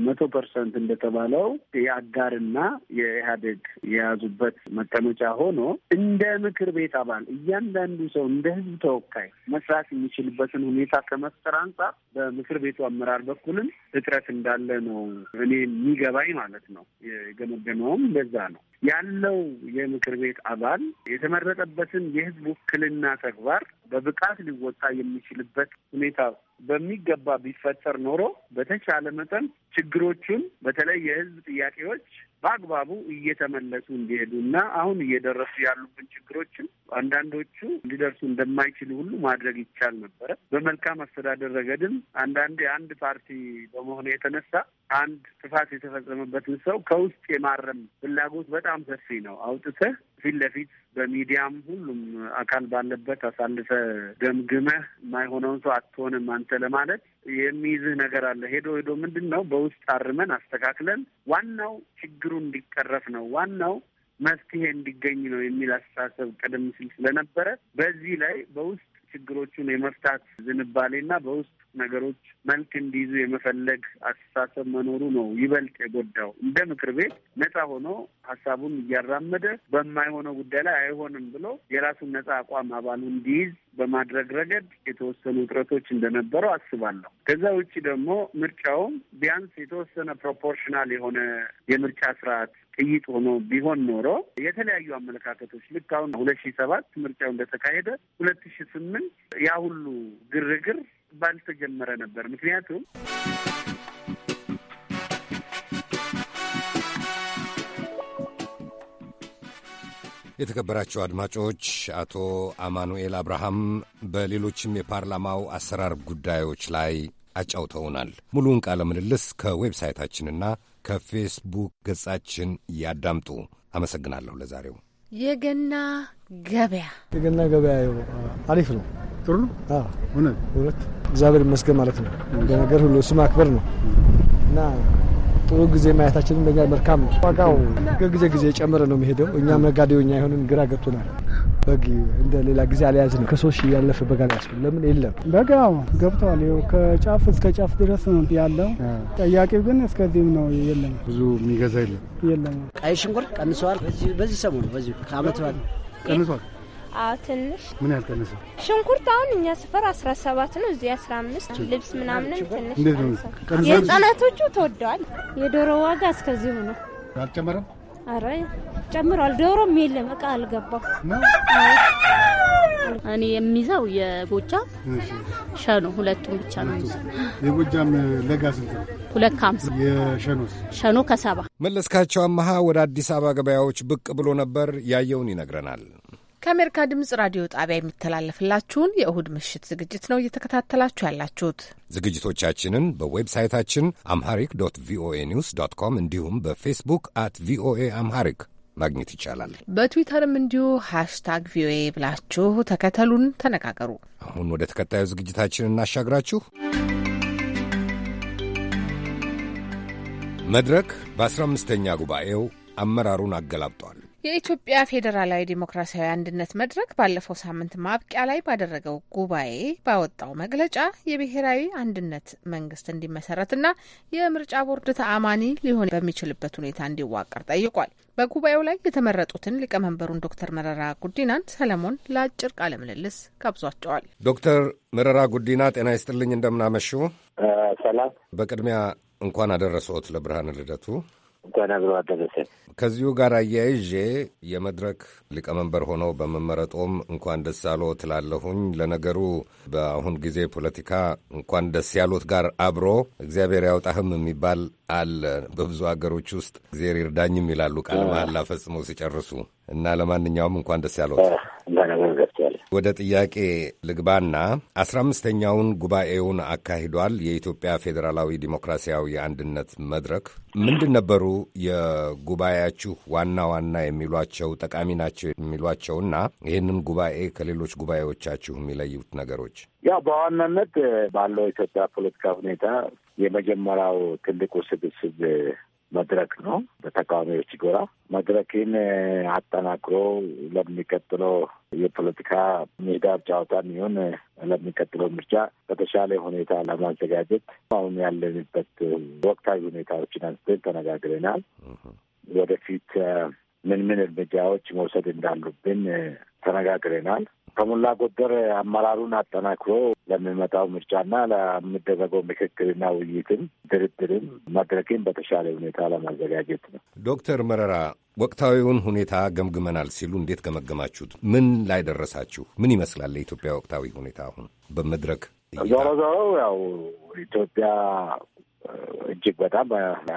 Speaker 4: መቶ ፐርሰንት እንደተባለው የአጋርና የኢህአዴግ የያዙበት መቀመጫ ሆኖ እንደ ምክር ቤት አባል እያንዳንዱ ሰው እንደ ህዝብ ተወካይ መስራት የሚችልበትን ሁኔታ ከመፍጠር አንጻር በምክር ቤቱ አመራር በኩልም እጥረት እንዳለ ነው እኔ የሚገባኝ ማለት ነው። የገመገመውም እንደዛ ነው። ያለው የምክር ቤት አባል የተመረጠበትን የህዝብ ውክልና ተግባር በብቃት ሊወጣ የሚችልበት ሁኔታ በሚገባ ቢፈጠር ኖሮ በተቻለ መጠን ችግሮቹን በተለይ የህዝብ ጥያቄዎች በአግባቡ እየተመለሱ እንዲሄዱ እና አሁን እየደረሱ ያሉብን ችግሮችን አንዳንዶቹ ሊደርሱ እንደማይችሉ ሁሉ ማድረግ ይቻል ነበረ። በመልካም አስተዳደር ረገድም አንዳንዴ አንድ ፓርቲ በመሆኑ የተነሳ አንድ ጥፋት የተፈጸመበትን ሰው ከውስጥ የማረም ፍላጎት በጣም ሰፊ ነው። አውጥተህ ፊት ለፊት በሚዲያም ሁሉም አካል ባለበት አሳልፈ ገምግመህ የማይሆነውን ሰው አትሆንም አንተ ለማለት የሚይዝህ ነገር አለ። ሄዶ ሄዶ ምንድን ነው በውስጥ አርመን አስተካክለን ዋናው ችግሩ እንዲቀረፍ ነው ዋናው መፍትሄ እንዲገኝ ነው የሚል አስተሳሰብ ቀደም ሲል ስለነበረ በዚህ ላይ በውስጥ ችግሮቹን የመፍታት ዝንባሌና በውስጥ ነገሮች መልክ እንዲይዙ የመፈለግ አስተሳሰብ መኖሩ ነው ይበልጥ የጎዳው። እንደ ምክር ቤት ነጻ ሆኖ ሀሳቡን እያራመደ በማይሆነው ጉዳይ ላይ አይሆንም ብሎ የራሱን ነጻ አቋም አባሉ እንዲይዝ በማድረግ ረገድ የተወሰኑ ውጥረቶች እንደነበረው አስባለሁ። ከዛ ውጭ ደግሞ ምርጫውም ቢያንስ የተወሰነ ፕሮፖርሽናል የሆነ የምርጫ ስርዓት ቅይጥ ሆኖ ቢሆን ኖሮ የተለያዩ አመለካከቶች ልክ አሁን ሁለት ሺ ሰባት ምርጫው እንደተካሄደ ሁለት ሺ ስምንት ያ ሁሉ ግርግር ባልተጀመረ ነበር። ምክንያቱም
Speaker 1: የተከበራቸው አድማጮች አቶ አማኑኤል አብርሃም በሌሎችም የፓርላማው አሰራር ጉዳዮች ላይ አጫውተውናል። ሙሉውን ቃለ ምልልስ ከዌብሳይታችንና ከፌስቡክ ገጻችን ያዳምጡ። አመሰግናለሁ። ለዛሬው
Speaker 2: የገና ገበያ የገና
Speaker 9: ገበያ አሪፍ ነው፣ ጥሩ ነው። ሁለት እግዚአብሔር ይመስገን ማለት ነው። እንደ ነገር ሁሉ እሱ ማክበር ነው እና ጥሩ ጊዜ ማየታችንም ለኛ መልካም ነው። ዋጋው ከጊዜ ጊዜ የጨመረ ነው የሚሄደው። እኛም ነጋዴውኛ የሆንን ግራ ገብቶናል። በግ እንደ ሌላ ጊዜ አልያዝ ነው። ከሶስት ሺህ ያለፈ በግ አልያዝ ለምን የለም በግ አዎ፣ ገብተዋል። ይኸው ከጫፍ እስከ ጫፍ ድረስ ነው ያለው። ጠያቂው ግን እስከዚህም ነው። የለም ብዙ የሚገዛ የለም።
Speaker 7: የለም
Speaker 6: ቀይ ሽንኩርት ቀንሰዋል። በዚህ ሰሞን በዚህ ከአመት ቀንሰዋል። ትንሽ ምን ያህል ቀነሰ?
Speaker 10: ሽንኩርት አሁን እኛ ስፈር አስራ ሰባት ነው እዚህ አስራ አምስት ልብስ ምናምንም ትንሽ
Speaker 7: የህጻናቶቹ
Speaker 10: ተወደዋል። የዶሮ ዋጋ እስከዚሁ ነው። አልጨመረም? አረ ጨምሯል። ዶሮም የለም እቃ አልገባው። እኔ የሚይዘው የጎጃም ሸኖ ሁለቱም ብቻ ነው።
Speaker 1: የጎጃም ለጋ ስንት ነው? ሁለት ከአምሳ የሸኖስ
Speaker 10: ሸኖ ከሰባ
Speaker 1: መለስካቸው አመሃ ወደ አዲስ አበባ ገበያዎች ብቅ ብሎ ነበር። ያየውን ይነግረናል።
Speaker 2: ከአሜሪካ ድምጽ ራዲዮ ጣቢያ የሚተላለፍላችሁን የእሁድ ምሽት ዝግጅት ነው እየተከታተላችሁ ያላችሁት።
Speaker 1: ዝግጅቶቻችንን በዌብሳይታችን አምሃሪክ ዶት ቪኦኤ ኒውስ ዶት ኮም እንዲሁም በፌስቡክ አት ቪኦኤ አምሃሪክ ማግኘት ይቻላል።
Speaker 2: በትዊተርም እንዲሁ ሃሽታግ ቪኦኤ ብላችሁ ተከተሉን፣ ተነጋገሩ።
Speaker 1: አሁን ወደ ተከታዩ ዝግጅታችን እናሻግራችሁ። መድረክ በ 15 አምስተኛ ጉባኤው አመራሩን አገላብጧል።
Speaker 2: የኢትዮጵያ ፌዴራላዊ ዴሞክራሲያዊ አንድነት መድረክ ባለፈው ሳምንት ማብቂያ ላይ ባደረገው ጉባኤ ባወጣው መግለጫ የብሔራዊ አንድነት መንግስት እንዲመሰረትና የምርጫ ቦርድ ተአማኒ ሊሆን በሚችልበት ሁኔታ እንዲዋቀር ጠይቋል። በጉባኤው ላይ የተመረጡትን ሊቀመንበሩን ዶክተር መረራ ጉዲናን ሰለሞን ለአጭር ቃለ ምልልስ ጋብዟቸዋል።
Speaker 1: ዶክተር መረራ ጉዲና ጤና ይስጥልኝ፣ እንደምናመሹ። ሰላም። በቅድሚያ እንኳን አደረሰዎት ለብርሃን ልደቱ።
Speaker 2: እንኳን አብሮ አደረሰን።
Speaker 1: ከዚሁ ጋር አያይዤ የመድረክ ሊቀመንበር ሆነው በመመረጦም እንኳን ደስ ያሎ ትላለሁኝ። ለነገሩ በአሁን ጊዜ ፖለቲካ እንኳን ደስ ያሎት ጋር አብሮ እግዚአብሔር ያውጣህም የሚባል አለ በብዙ ሀገሮች ውስጥ እግዚአብሔር ይርዳኝም ይላሉ ቃለ መሃላ ፈጽመው ሲጨርሱ እና ለማንኛውም እንኳን ደስ ያሎት ወደ ጥያቄ ልግባና አስራ አምስተኛውን ጉባኤውን አካሂዷል የኢትዮጵያ ፌዴራላዊ ዲሞክራሲያዊ አንድነት መድረክ። ምንድን ነበሩ የጉባኤያችሁ ዋና ዋና የሚሏቸው ጠቃሚ ናቸው የሚሏቸውና ይህንን ጉባኤ ከሌሎች ጉባኤዎቻችሁ የሚለዩት ነገሮች?
Speaker 4: ያው በዋናነት ባለው ኢትዮጵያ ፖለቲካ ሁኔታ የመጀመሪያው ትልቁ ስብስብ መድረክ ነው በተቃዋሚዎች ጎራ መድረክን አጠናክሮ ለሚቀጥለው የፖለቲካ ምህዳር ጨዋታ የሚሆን ለሚቀጥለው ምርጫ በተሻለ ሁኔታ ለማዘጋጀት አሁን ያለንበት ወቅታዊ ሁኔታዎችን አንስተን ተነጋግረናል። ወደፊት ምን ምን እርምጃዎች መውሰድ እንዳሉብን ተነጋግረናል። ከሞላ ጎደር አመራሩን አጠናክሮ ለሚመጣው ምርጫና ለሚደረገው ምክክርና ውይይትም ድርድርም መድረክን በተሻለ ሁኔታ ለማዘጋጀት ነው።
Speaker 1: ዶክተር መረራ ወቅታዊውን ሁኔታ ገምግመናል ሲሉ እንዴት ገመገማችሁት? ምን ላይ ደረሳችሁ? ምን ይመስላል የኢትዮጵያ ወቅታዊ ሁኔታ አሁን በመድረክ
Speaker 4: ዞሮ ዞሮ ያው ኢትዮጵያ እጅግ በጣም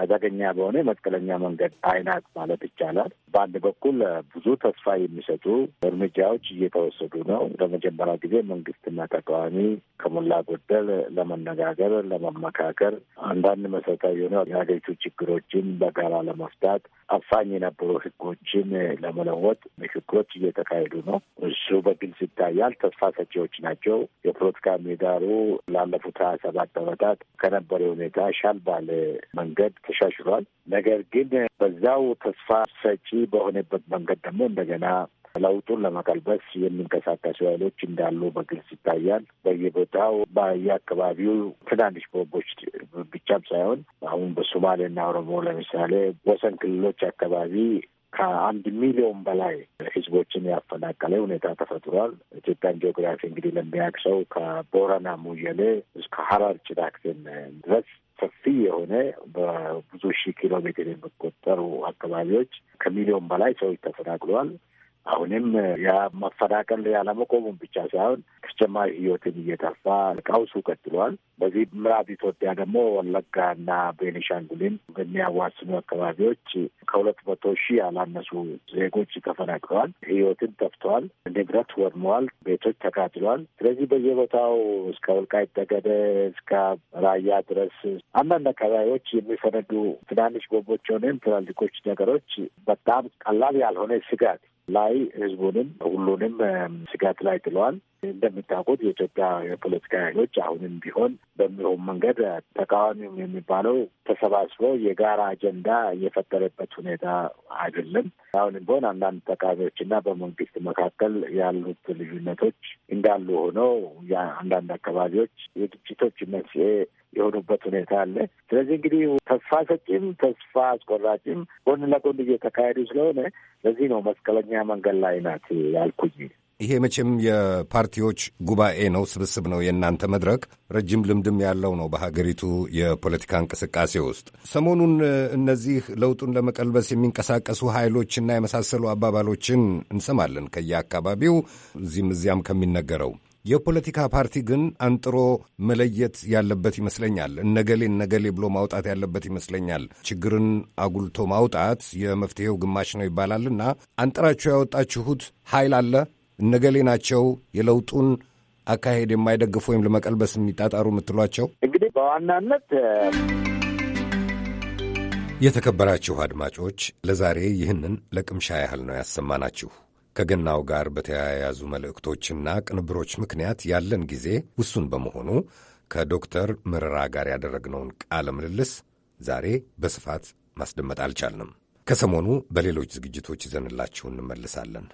Speaker 4: አደገኛ በሆነ መስቀለኛ መንገድ አይናት ማለት ይቻላል። በአንድ በኩል ብዙ ተስፋ የሚሰጡ እርምጃዎች እየተወሰዱ ነው። ለመጀመሪያ ጊዜ መንግስትና ተቃዋሚ ከሞላ ጎደል ለመነጋገር፣ ለመመካከር አንዳንድ መሰረታዊ የሆነ የሀገሪቱ ችግሮችን በጋራ ለመፍታት አፋኝ የነበሩ ህጎችን ለመለወጥ ምክክሮች እየተካሄዱ ነው። እሱ በግልጽ ይታያል። ተስፋ ሰጪዎች ናቸው። የፖለቲካ ምህዳሩ ላለፉት ሀያ ሰባት ዓመታት ከነበረ ሁኔታ ሻሻል ባለ መንገድ ተሻሽሏል። ነገር ግን በዛው ተስፋ ሰጪ በሆነበት መንገድ ደግሞ እንደገና ለውጡን ለመቀልበስ የሚንቀሳቀሱ ኃይሎች እንዳሉ በግልጽ ይታያል። በየቦታው በየአካባቢው ትናንሽ ቦምቦች ብቻም ሳይሆን አሁን በሶማሌና ኦሮሞ ለምሳሌ ወሰን ክልሎች አካባቢ ከአንድ ሚሊዮን በላይ ህዝቦችን ያፈናቀለ ሁኔታ ተፈጥሯል። ኢትዮጵያን ጂኦግራፊ እንግዲህ ለሚያውቅ ሰው ከቦረና ሙየሌ እስከ ሀረር ጭዳክትን ድረስ ሰፊ የሆነ በብዙ ሺህ ኪሎ ሜትር የሚቆጠሩ አካባቢዎች ከሚሊዮን በላይ ሰዎች ተፈናቅለዋል። አሁንም ያ መፈናቀል ያለመቆሙን ብቻ ሳይሆን ተጨማሪ ህይወትን እየተፋ ቀውሱ ቀጥሏል። በዚህ ምዕራብ ኢትዮጵያ ደግሞ ወለጋና ቤኒሻንጉልን በሚያዋስኑ አካባቢዎች ከሁለት መቶ ሺህ ያላነሱ ዜጎች ተፈናቅለዋል፣ ህይወትን ጠፍተዋል፣ ንብረት ወድመዋል፣ ቤቶች ተቃጥለዋል። ስለዚህ በየቦታው እስከ ወልቃይት ጠገዴ እስከ ራያ ድረስ አንዳንድ አካባቢዎች የሚፈነዱ ትናንሽ ቦምቦች ሆነም ትላልቆች ነገሮች በጣም ቀላል ያልሆነ ስጋት ላይ ህዝቡንም ሁሉንም ስጋት ላይ ጥለዋል። እንደምታውቁት የኢትዮጵያ የፖለቲካ ኃይሎች አሁንም ቢሆን በሚሆን መንገድ ተቃዋሚውም የሚባለው ተሰባስበው የጋራ አጀንዳ የፈጠረበት ሁኔታ አይደለም። አሁንም ቢሆን አንዳንድ ተቃዋሚዎችና በመንግስት መካከል ያሉት ልዩነቶች እንዳሉ ሆነው አንዳንድ አካባቢዎች የግጭቶች መንስኤ የሆኑበት ሁኔታ አለ። ስለዚህ እንግዲህ ተስፋ ሰጪም ተስፋ አስቆራጭም ጎን ለጎን እየተካሄዱ ስለሆነ ለዚህ ነው መስቀለኛ መንገድ ላይ ናት ያልኩኝ።
Speaker 1: ይሄ መቼም የፓርቲዎች ጉባኤ ነው፣ ስብስብ ነው። የእናንተ መድረክ ረጅም ልምድም ያለው ነው በሀገሪቱ የፖለቲካ እንቅስቃሴ ውስጥ። ሰሞኑን እነዚህ ለውጡን ለመቀልበስ የሚንቀሳቀሱ ኃይሎችና የመሳሰሉ አባባሎችን እንሰማለን ከየአካባቢው እዚህም እዚያም ከሚነገረው የፖለቲካ ፓርቲ ግን አንጥሮ መለየት ያለበት ይመስለኛል። እነገሌ እነገሌ ብሎ ማውጣት ያለበት ይመስለኛል። ችግርን አጉልቶ ማውጣት የመፍትሄው ግማሽ ነው ይባላልና አንጥራችሁ ያወጣችሁት ኃይል አለ። እነገሌ ናቸው የለውጡን አካሄድ የማይደግፍ ወይም ለመቀልበስ የሚጣጣሩ የምትሏቸው እንግዲህ በዋናነት የተከበራችሁ አድማጮች ለዛሬ ይህንን ለቅምሻ ያህል ነው ያሰማናችሁ። ከገናው ጋር በተያያዙ መልእክቶችና ቅንብሮች ምክንያት ያለን ጊዜ ውሱን በመሆኑ ከዶክተር ምርራ ጋር ያደረግነውን ቃለ ምልልስ ዛሬ በስፋት ማስደመጥ አልቻልንም። ከሰሞኑ በሌሎች ዝግጅቶች ይዘንላችሁ እንመልሳለን።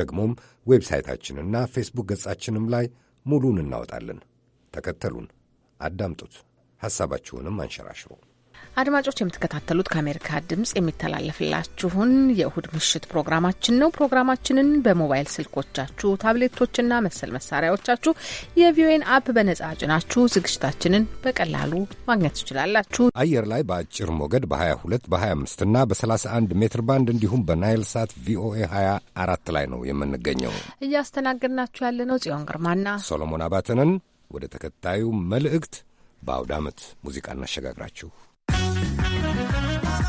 Speaker 1: ደግሞም ዌብሳይታችንና ፌስቡክ ገጻችንም ላይ ሙሉን እናወጣለን። ተከተሉን፣ አዳምጡት፣ ሐሳባችሁንም አንሸራሽሩ።
Speaker 2: አድማጮች የምትከታተሉት ከአሜሪካ ድምጽ የሚተላለፍላችሁን የእሁድ ምሽት ፕሮግራማችን ነው። ፕሮግራማችንን በሞባይል ስልኮቻችሁ፣ ታብሌቶችና መሰል መሳሪያዎቻችሁ የቪኦኤን አፕ በነጻ ጭናችሁ ዝግጅታችንን በቀላሉ ማግኘት ትችላላችሁ።
Speaker 1: አየር ላይ በአጭር ሞገድ በ22 በ25 እና በ31 ሜትር ባንድ እንዲሁም በናይል ሳት ቪኦኤ 24 ላይ ነው የምንገኘው።
Speaker 2: እያስተናገድናችሁ ያለነው ጽዮን ግርማና
Speaker 1: ሶሎሞን አባተንን። ወደ ተከታዩ መልእክት በአውድ ዓመት ሙዚቃ እናሸጋግራችሁ።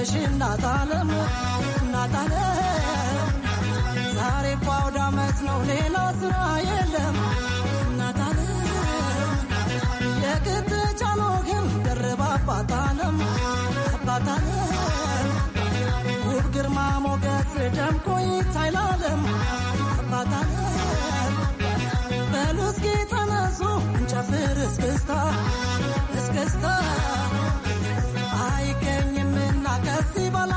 Speaker 8: ነሽ እናት ዓለም ዛሬ እኮ አውደ ዓመት ነው፣ ሌላ ስራ የለም። እናት ዓለም የግድ ጫኖ ግን ደርባ አባት ዓለም ውብ ግርማ ሞገስ ደምቆ ይታይ ለዓለም በሉ እስኪ ተነሱ እንጨፍር እስክስታ እስክስታ Can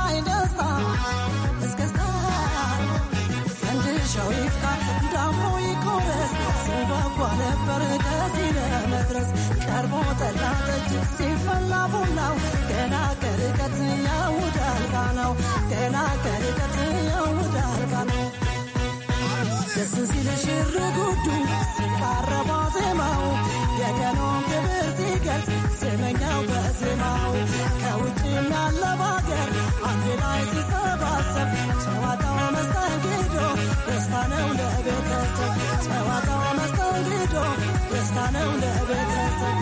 Speaker 8: I get it? ደስ ሲልሽ ርጉዱ ሲቃረበው ዜማው የቀኑን ክብር ሲገልጽ ስመኛው በዜማው ከውጭም ያለ ባገር አንድ ላይ ሲሰባሰብ ጨዋታው መስተንግዶ ደስታ ነው ለቤተሰብ ጨዋታው መስተንግዶ ደስታ ነው ለቤተሰብ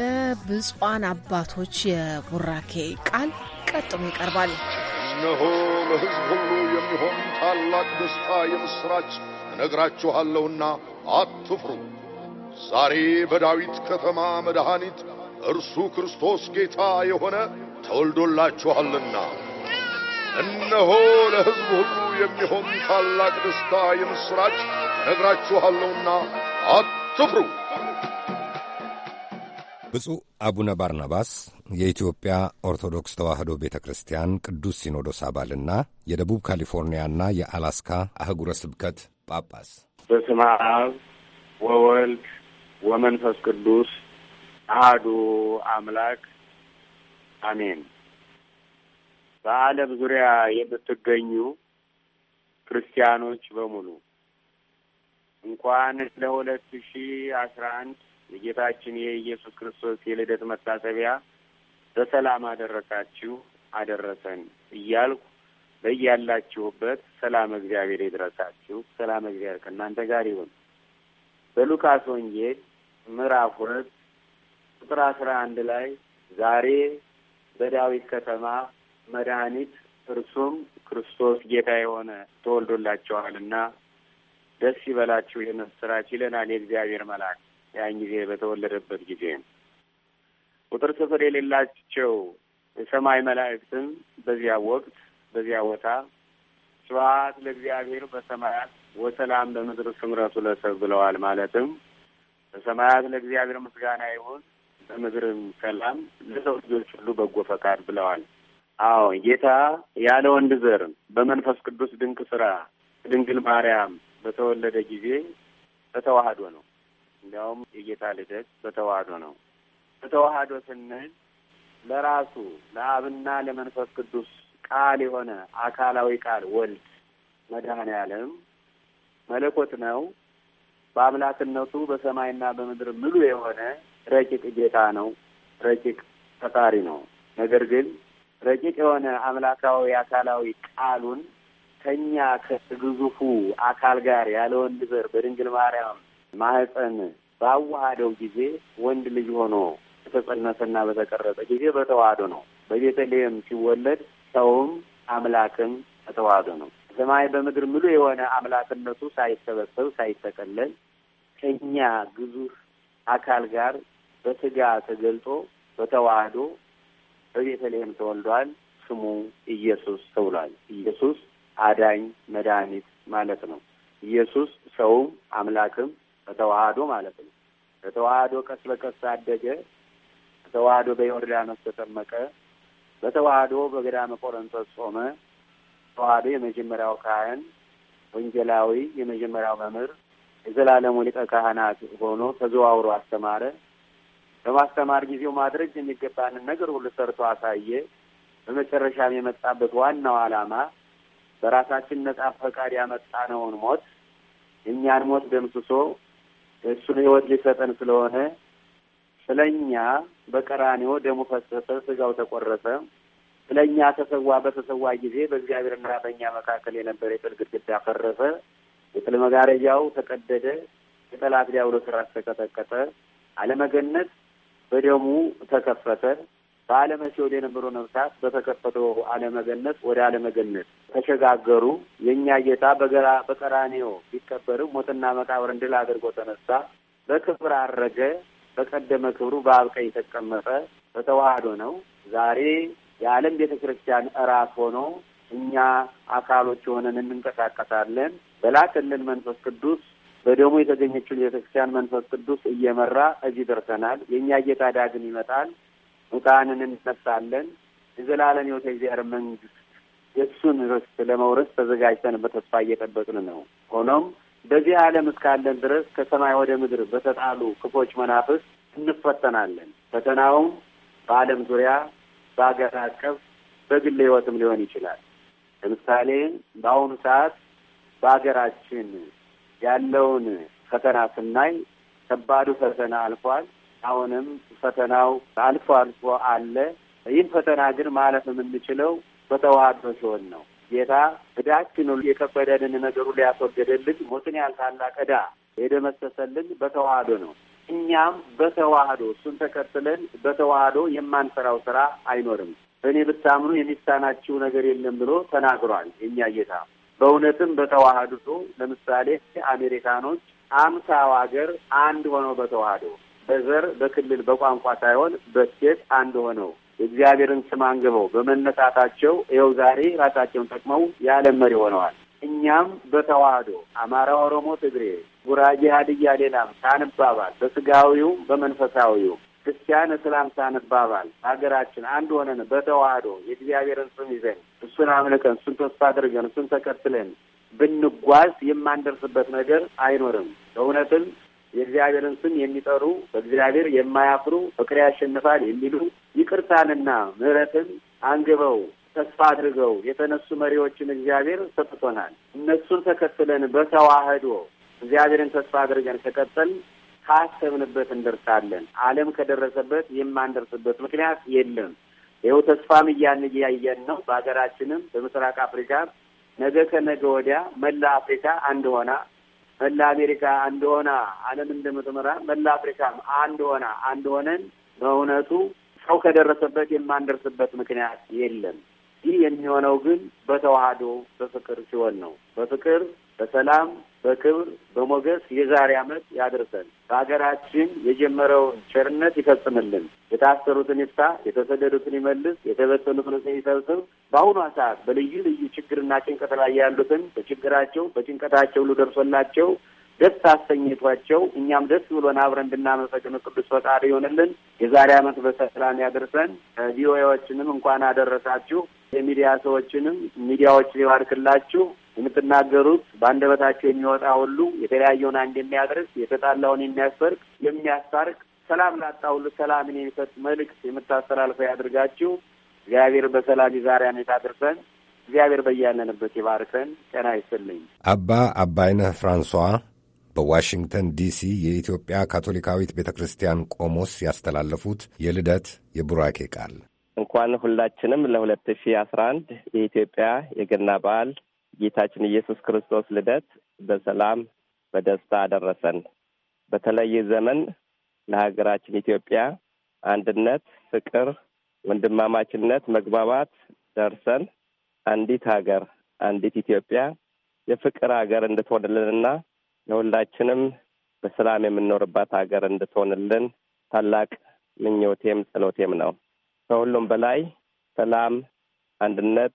Speaker 2: የብፁዓን አባቶች የቡራኬ ቃል ቀጥሎ ይቀርባል። እነሆ ለሕዝብ ሁሉ የሚሆን
Speaker 3: ታላቅ ደስታ የምሥራች እነግራችኋለሁና አትፍሩ። ዛሬ በዳዊት ከተማ መድኃኒት እርሱ ክርስቶስ ጌታ የሆነ ተወልዶላችኋልና። እነሆ ለሕዝብ ሁሉ የሚሆን ታላቅ ደስታ የምሥራች እነግራችኋለሁና አትፍሩ።
Speaker 1: ብፁዕ አቡነ ባርናባስ የኢትዮጵያ ኦርቶዶክስ ተዋሕዶ ቤተ ክርስቲያን ቅዱስ ሲኖዶስ አባልና የደቡብ ካሊፎርኒያና የአላስካ አህጉረ ስብከት ጳጳስ።
Speaker 4: በስመ አብ ወወልድ ወመንፈስ ቅዱስ አህዱ አምላክ አሜን። በዓለም ዙሪያ የምትገኙ ክርስቲያኖች በሙሉ እንኳን ለሁለት ሺህ አስራ አንድ የጌታችን የኢየሱስ ክርስቶስ የልደት መታሰቢያ በሰላም አደረሳችሁ አደረሰን እያልኩ በያላችሁበት ሰላም እግዚአብሔር ይድረሳችሁ። ሰላም እግዚአብሔር ከእናንተ ጋር ይሁን። በሉቃስ ወንጌል ምዕራፍ ሁለት ቁጥር አስራ አንድ ላይ ዛሬ በዳዊት ከተማ መድኃኒት እርሱም ክርስቶስ ጌታ የሆነ ተወልዶላችኋልና ደስ ይበላችሁ የምስራች ይለናል የእግዚአብሔር መልአክ። ያን ጊዜ በተወለደበት ጊዜ ቁጥር ስፍር የሌላቸው የሰማይ መላእክትም በዚያ ወቅት በዚያ ቦታ ስብሐት ለእግዚአብሔር በሰማያት ወሰላም በምድር ስምረቱ ለሰብ ብለዋል። ማለትም በሰማያት ለእግዚአብሔር ምስጋና ይሁን፣ በምድርም ሰላም ለሰው ልጆች ሁሉ በጎ ፈቃድ ብለዋል። አዎ ጌታ ያለ ወንድ ዘር በመንፈስ ቅዱስ ድንቅ ስራ ድንግል ማርያም በተወለደ ጊዜ በተዋህዶ ነው። እንዲያውም የጌታ ልደት በተዋህዶ ነው። በተዋህዶ ስንል ለራሱ ለአብና ለመንፈስ ቅዱስ ቃል የሆነ አካላዊ ቃል ወልድ መድኃኔ ዓለም መለኮት ነው። በአምላክነቱ በሰማይና በምድር ምሉ የሆነ ረቂቅ ጌታ ነው። ረቂቅ ፈጣሪ ነው። ነገር ግን ረቂቅ የሆነ አምላካዊ አካላዊ ቃሉን ከኛ ከግዙፉ አካል ጋር ያለ ወንድ ዘር በድንግል ማርያም ማህፀን ባዋሃደው ጊዜ ወንድ ልጅ ሆኖ በተጸነሰና በተቀረጸ ጊዜ በተዋህዶ ነው። በቤተልሔም ሲወለድ ሰውም አምላክም በተዋህዶ ነው። ሰማይ በምድር ምሉ የሆነ አምላክነቱ ሳይሰበሰብ ሳይጠቀለል ከእኛ ግዙፍ አካል ጋር በስጋ ተገልጦ በተዋህዶ በቤተልሔም ተወልዷል። ስሙ ኢየሱስ ተብሏል። ኢየሱስ አዳኝ መድኃኒት ማለት ነው። ኢየሱስ ሰውም አምላክም ከተዋህዶ ማለት ነው። ከተዋህዶ ቀስ በቀስ አደገ። ከተዋህዶ በዮርዳኖስ ተጠመቀ። በተዋህዶ በገዳመ ቆሮንቶስ ጾመ። ተዋህዶ የመጀመሪያው ካህን ወንጌላዊ፣ የመጀመሪያው መምህር፣ የዘላለሙ ሊቀ ካህናት ሆኖ ተዘዋውሮ አስተማረ። በማስተማር ጊዜው ማድረግ የሚገባንን ነገር ሁሉ ሰርቶ አሳየ። በመጨረሻም የመጣበት ዋናው ዓላማ በራሳችን ነጻ ፈቃድ ያመጣነውን ሞት እኛን ሞት ደምስሶ እሱን ህይወት ሊሰጠን ስለሆነ ስለኛ በቀራኔው ደሙ ፈሰሰ፣ ስጋው ተቆረሰ፣ ስለኛ ተሰዋ። በተሰዋ ጊዜ በእግዚአብሔርና በእኛ መካከል የነበረ የጥል ግድግዳ ፈረሰ፣ የጥል መጋረጃው ተቀደደ፣ የጠላት ዲያብሎስ ራስ ተቀጠቀጠ፣ አለመገነት በደሙ ተከፈተ። በዓለመ ሲኦል የነበሩ ነፍሳት በተከፈተው አለመገነት ወደ አለመገነት ተሸጋገሩ። የእኛ ጌታ በገራ በቀራኔዮ ቢቀበርም ሞትና መቃብር እንድል አድርጎ ተነሳ። በክብር አረገ። በቀደመ ክብሩ በአብ ቀኝ የተቀመጠ በተዋህዶ ነው። ዛሬ የዓለም ቤተ ክርስቲያን እራስ ሆኖ እኛ አካሎች የሆነን እንንቀሳቀሳለን። በላከልን መንፈስ ቅዱስ በደሙ የተገኘችውን ቤተክርስቲያን መንፈስ ቅዱስ እየመራ እዚህ ደርሰናል። የእኛ ጌታ ዳግም ይመጣል። ሙታንን እንነሳለን። የዘላለም ሕይወት የእግዚአብሔር መንግስት የእሱን ርስት ለመውረስ ተዘጋጅተን በተስፋ እየጠበቅን ነው። ሆኖም በዚህ ዓለም እስካለን ድረስ ከሰማይ ወደ ምድር በተጣሉ ክፎች መናፍስ እንፈተናለን። ፈተናውም በዓለም ዙሪያ በአገር አቀፍ በግል ህይወትም ሊሆን ይችላል። ለምሳሌ በአሁኑ ሰዓት በሀገራችን ያለውን ፈተና ስናይ ከባዱ ፈተና አልፏል። አሁንም ፈተናው አልፎ አልፎ አለ። ይህን ፈተና ግን ማለፍ የምንችለው በተዋህዶ ሲሆን ነው። ጌታ እዳችን የከበደንን ነገሩ ሊያስወገደልን ሞትን ያህል ታላቅ የደመሰሰልን በተዋህዶ ነው። እኛም በተዋህዶ እሱን ተከትለን በተዋህዶ የማንሰራው ስራ አይኖርም። እኔ ብታምኑ የሚሳናችው ነገር የለም ብሎ ተናግሯል የእኛ ጌታ። በእውነትም በተዋህዶ ለምሳሌ አሜሪካኖች አምሳው ሀገር አንድ ሆነው በተዋህዶ በዘር በክልል በቋንቋ ሳይሆን በሴት አንድ ሆነው የእግዚአብሔርን ስም አንግበው በመነሳታቸው ይኸው ዛሬ ራሳቸውን ጠቅመው የዓለም መሪ ሆነዋል። እኛም በተዋህዶ አማራ፣ ኦሮሞ፣ ትግሬ፣ ጉራጌ፣ ሀድያ፣ ሌላም ሳንባባል በስጋዊው በመንፈሳዊው ክርስቲያን፣ እስላም ሳንባባል ሀገራችን አንድ ሆነን በተዋህዶ የእግዚአብሔርን ስም ይዘን እሱን አምልከን እሱን ተስፋ አድርገን እሱን ተከትለን ብንጓዝ የማንደርስበት ነገር አይኖርም። በእውነትም የእግዚአብሔርን ስም የሚጠሩ በእግዚአብሔር የማያፍሩ ፍቅር ያሸንፋል የሚሉ ይቅርታንና ምሕረትን አንግበው ተስፋ አድርገው የተነሱ መሪዎችን እግዚአብሔር ሰጥቶናል። እነሱን ተከትለን በተዋህዶ እግዚአብሔርን ተስፋ አድርገን ከቀጠል ካሰብንበት እንደርሳለን። ዓለም ከደረሰበት የማንደርስበት ምክንያት የለም። ይኸው ተስፋም እያን እያየን ነው። በሀገራችንም በምስራቅ አፍሪካ ነገ ከነገ ወዲያ መላ አፍሪካ አንድ ሆና መላ አሜሪካ አንድ ሆና ዓለም እንደምትመራ መላ አፍሪካም አንድ ሆና አንድ ሆነን በእውነቱ ሰው ከደረሰበት የማንደርስበት ምክንያት የለም። ይህ የሚሆነው ግን በተዋህዶ በፍቅር ሲሆን ነው። በፍቅር በሰላም በክብር በሞገስ የዛሬ ዓመት ያደርሰን። በሀገራችን የጀመረውን ቸርነት ይፈጽምልን። የታሰሩትን ይፍታ፣ የተሰደዱትን ይመልስ፣ የተበተኑትን ይሰብስብ። በአሁኗ ሰዓት በልዩ ልዩ ችግርና ጭንቀት ላይ ያሉትን በችግራቸው በጭንቀታቸው ሁሉ ደርሶላቸው ደስ አሰኝቷቸው እኛም ደስ ብሎን አብረን እንድናመሰግን ቅዱስ ፈቃድ ይሆንልን። የዛሬ ዓመት በሰላም ያደርሰን። ቪኦኤዎችንም እንኳን አደረሳችሁ። የሚዲያ ሰዎችንም ሚዲያዎችን ይባርክላችሁ። የምትናገሩት በአንደበታችሁ የሚወጣ ሁሉ የተለያየውን አንድ የሚያደርስ የተጣላውን የሚያስፈርቅ የሚያስታርቅ ሰላም ላጣ ሁሉ ሰላምን የሚሰጥ መልእክት የምታስተላልፈው ያድርጋችሁ። እግዚአብሔር በሰላም የዛሬ አመት አድርሰን እግዚአብሔር በያለንበት ይባርከን። ጤና ይስጥልኝ።
Speaker 1: አባ አባይነህ ፍራንሷ በዋሽንግተን ዲሲ የኢትዮጵያ ካቶሊካዊት ቤተ ክርስቲያን ቆሞስ ያስተላለፉት የልደት የቡራኬ ቃል
Speaker 4: እንኳን ሁላችንም ለሁለት ሺህ አስራ አንድ የኢትዮጵያ የገና በዓል የጌታችን ኢየሱስ ክርስቶስ ልደት በሰላም በደስታ አደረሰን። በተለየ ዘመን ለሀገራችን ኢትዮጵያ አንድነት፣ ፍቅር፣ ወንድማማችነት፣ መግባባት ደርሰን አንዲት ሀገር አንዲት ኢትዮጵያ የፍቅር ሀገር እንድትሆንልንና ለሁላችንም በሰላም የምንኖርባት ሀገር እንድትሆንልን ታላቅ ምኞቴም ጸሎቴም ነው። ከሁሉም በላይ
Speaker 1: ሰላም፣ አንድነት፣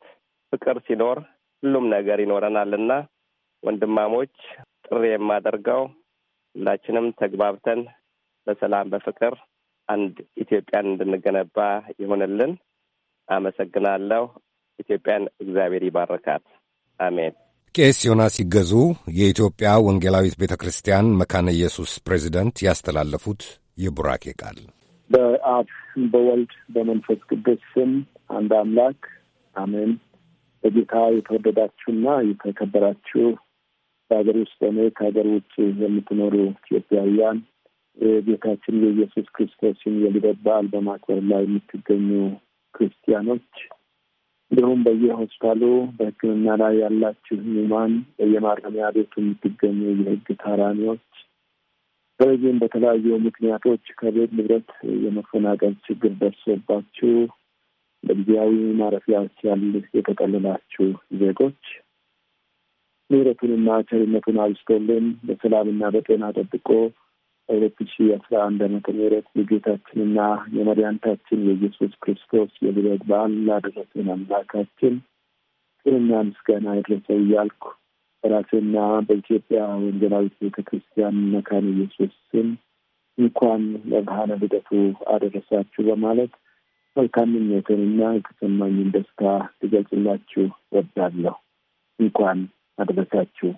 Speaker 1: ፍቅር ሲኖር ሁሉም ነገር ይኖረናል ወንድማሞች ጥሪ የማደርገው ሁላችንም ተግባብተን
Speaker 4: በሰላም በፍቅር አንድ ኢትዮጵያን እንድንገነባ ይሁንልን። አመሰግናለሁ። ኢትዮጵያን እግዚአብሔር ይባርካት። አሜን።
Speaker 1: ቄስ ዮናስ ይገዙ የኢትዮጵያ ወንጌላዊት ቤተ ክርስቲያን መካነ ኢየሱስ ፕሬዚደንት ያስተላለፉት የቡራኬ ቃል
Speaker 4: በአብ በወልድ በመንፈስ ቅዱስ ስም አንድ አምላክ አሜን። በጌታ የተወደዳችሁና የተከበራችሁ በሀገር ውስጥ ሆነ ከሀገር ውጭ የምትኖሩ ኢትዮጵያውያን የጌታችን የኢየሱስ ክርስቶስን የልደት በዓል በማክበር ላይ የምትገኙ ክርስቲያኖች፣ እንዲሁም በየሆስፒታሉ በሕክምና ላይ ያላችሁ ሕሙማን፣ በየማረሚያ ቤቱ የምትገኙ የህግ ታራሚዎች፣ በዚህም በተለያዩ ምክንያቶች ከቤት ንብረት የመፈናቀል ችግር ደርሶባችሁ በጊዜያዊ ማረፊያዎች ያሉ የተጠለላችሁ ዜጎች ምሕረቱንና ቸርነቱን አብስቶልን በሰላምና በጤና ጠብቆ በሁለት ሺ አስራ አንድ ዓመተ ምህረት የጌታችንና የመድኃኒታችን የኢየሱስ ክርስቶስ የልደት በዓል ላደረሰን አምላካችን ጥሩና ምስጋና ይድረሰው እያልኩ በራሴና በኢትዮጵያ ወንጌላዊት ቤተ ክርስቲያን መካነ ኢየሱስ ስም እንኳን ለብርሃነ ልደቱ አደረሳችሁ በማለት መልካም ምኞቴንና የተሰማኝን ደስታ ልገልጽላችሁ ወዳለሁ። እንኳን አድረሳችሁ።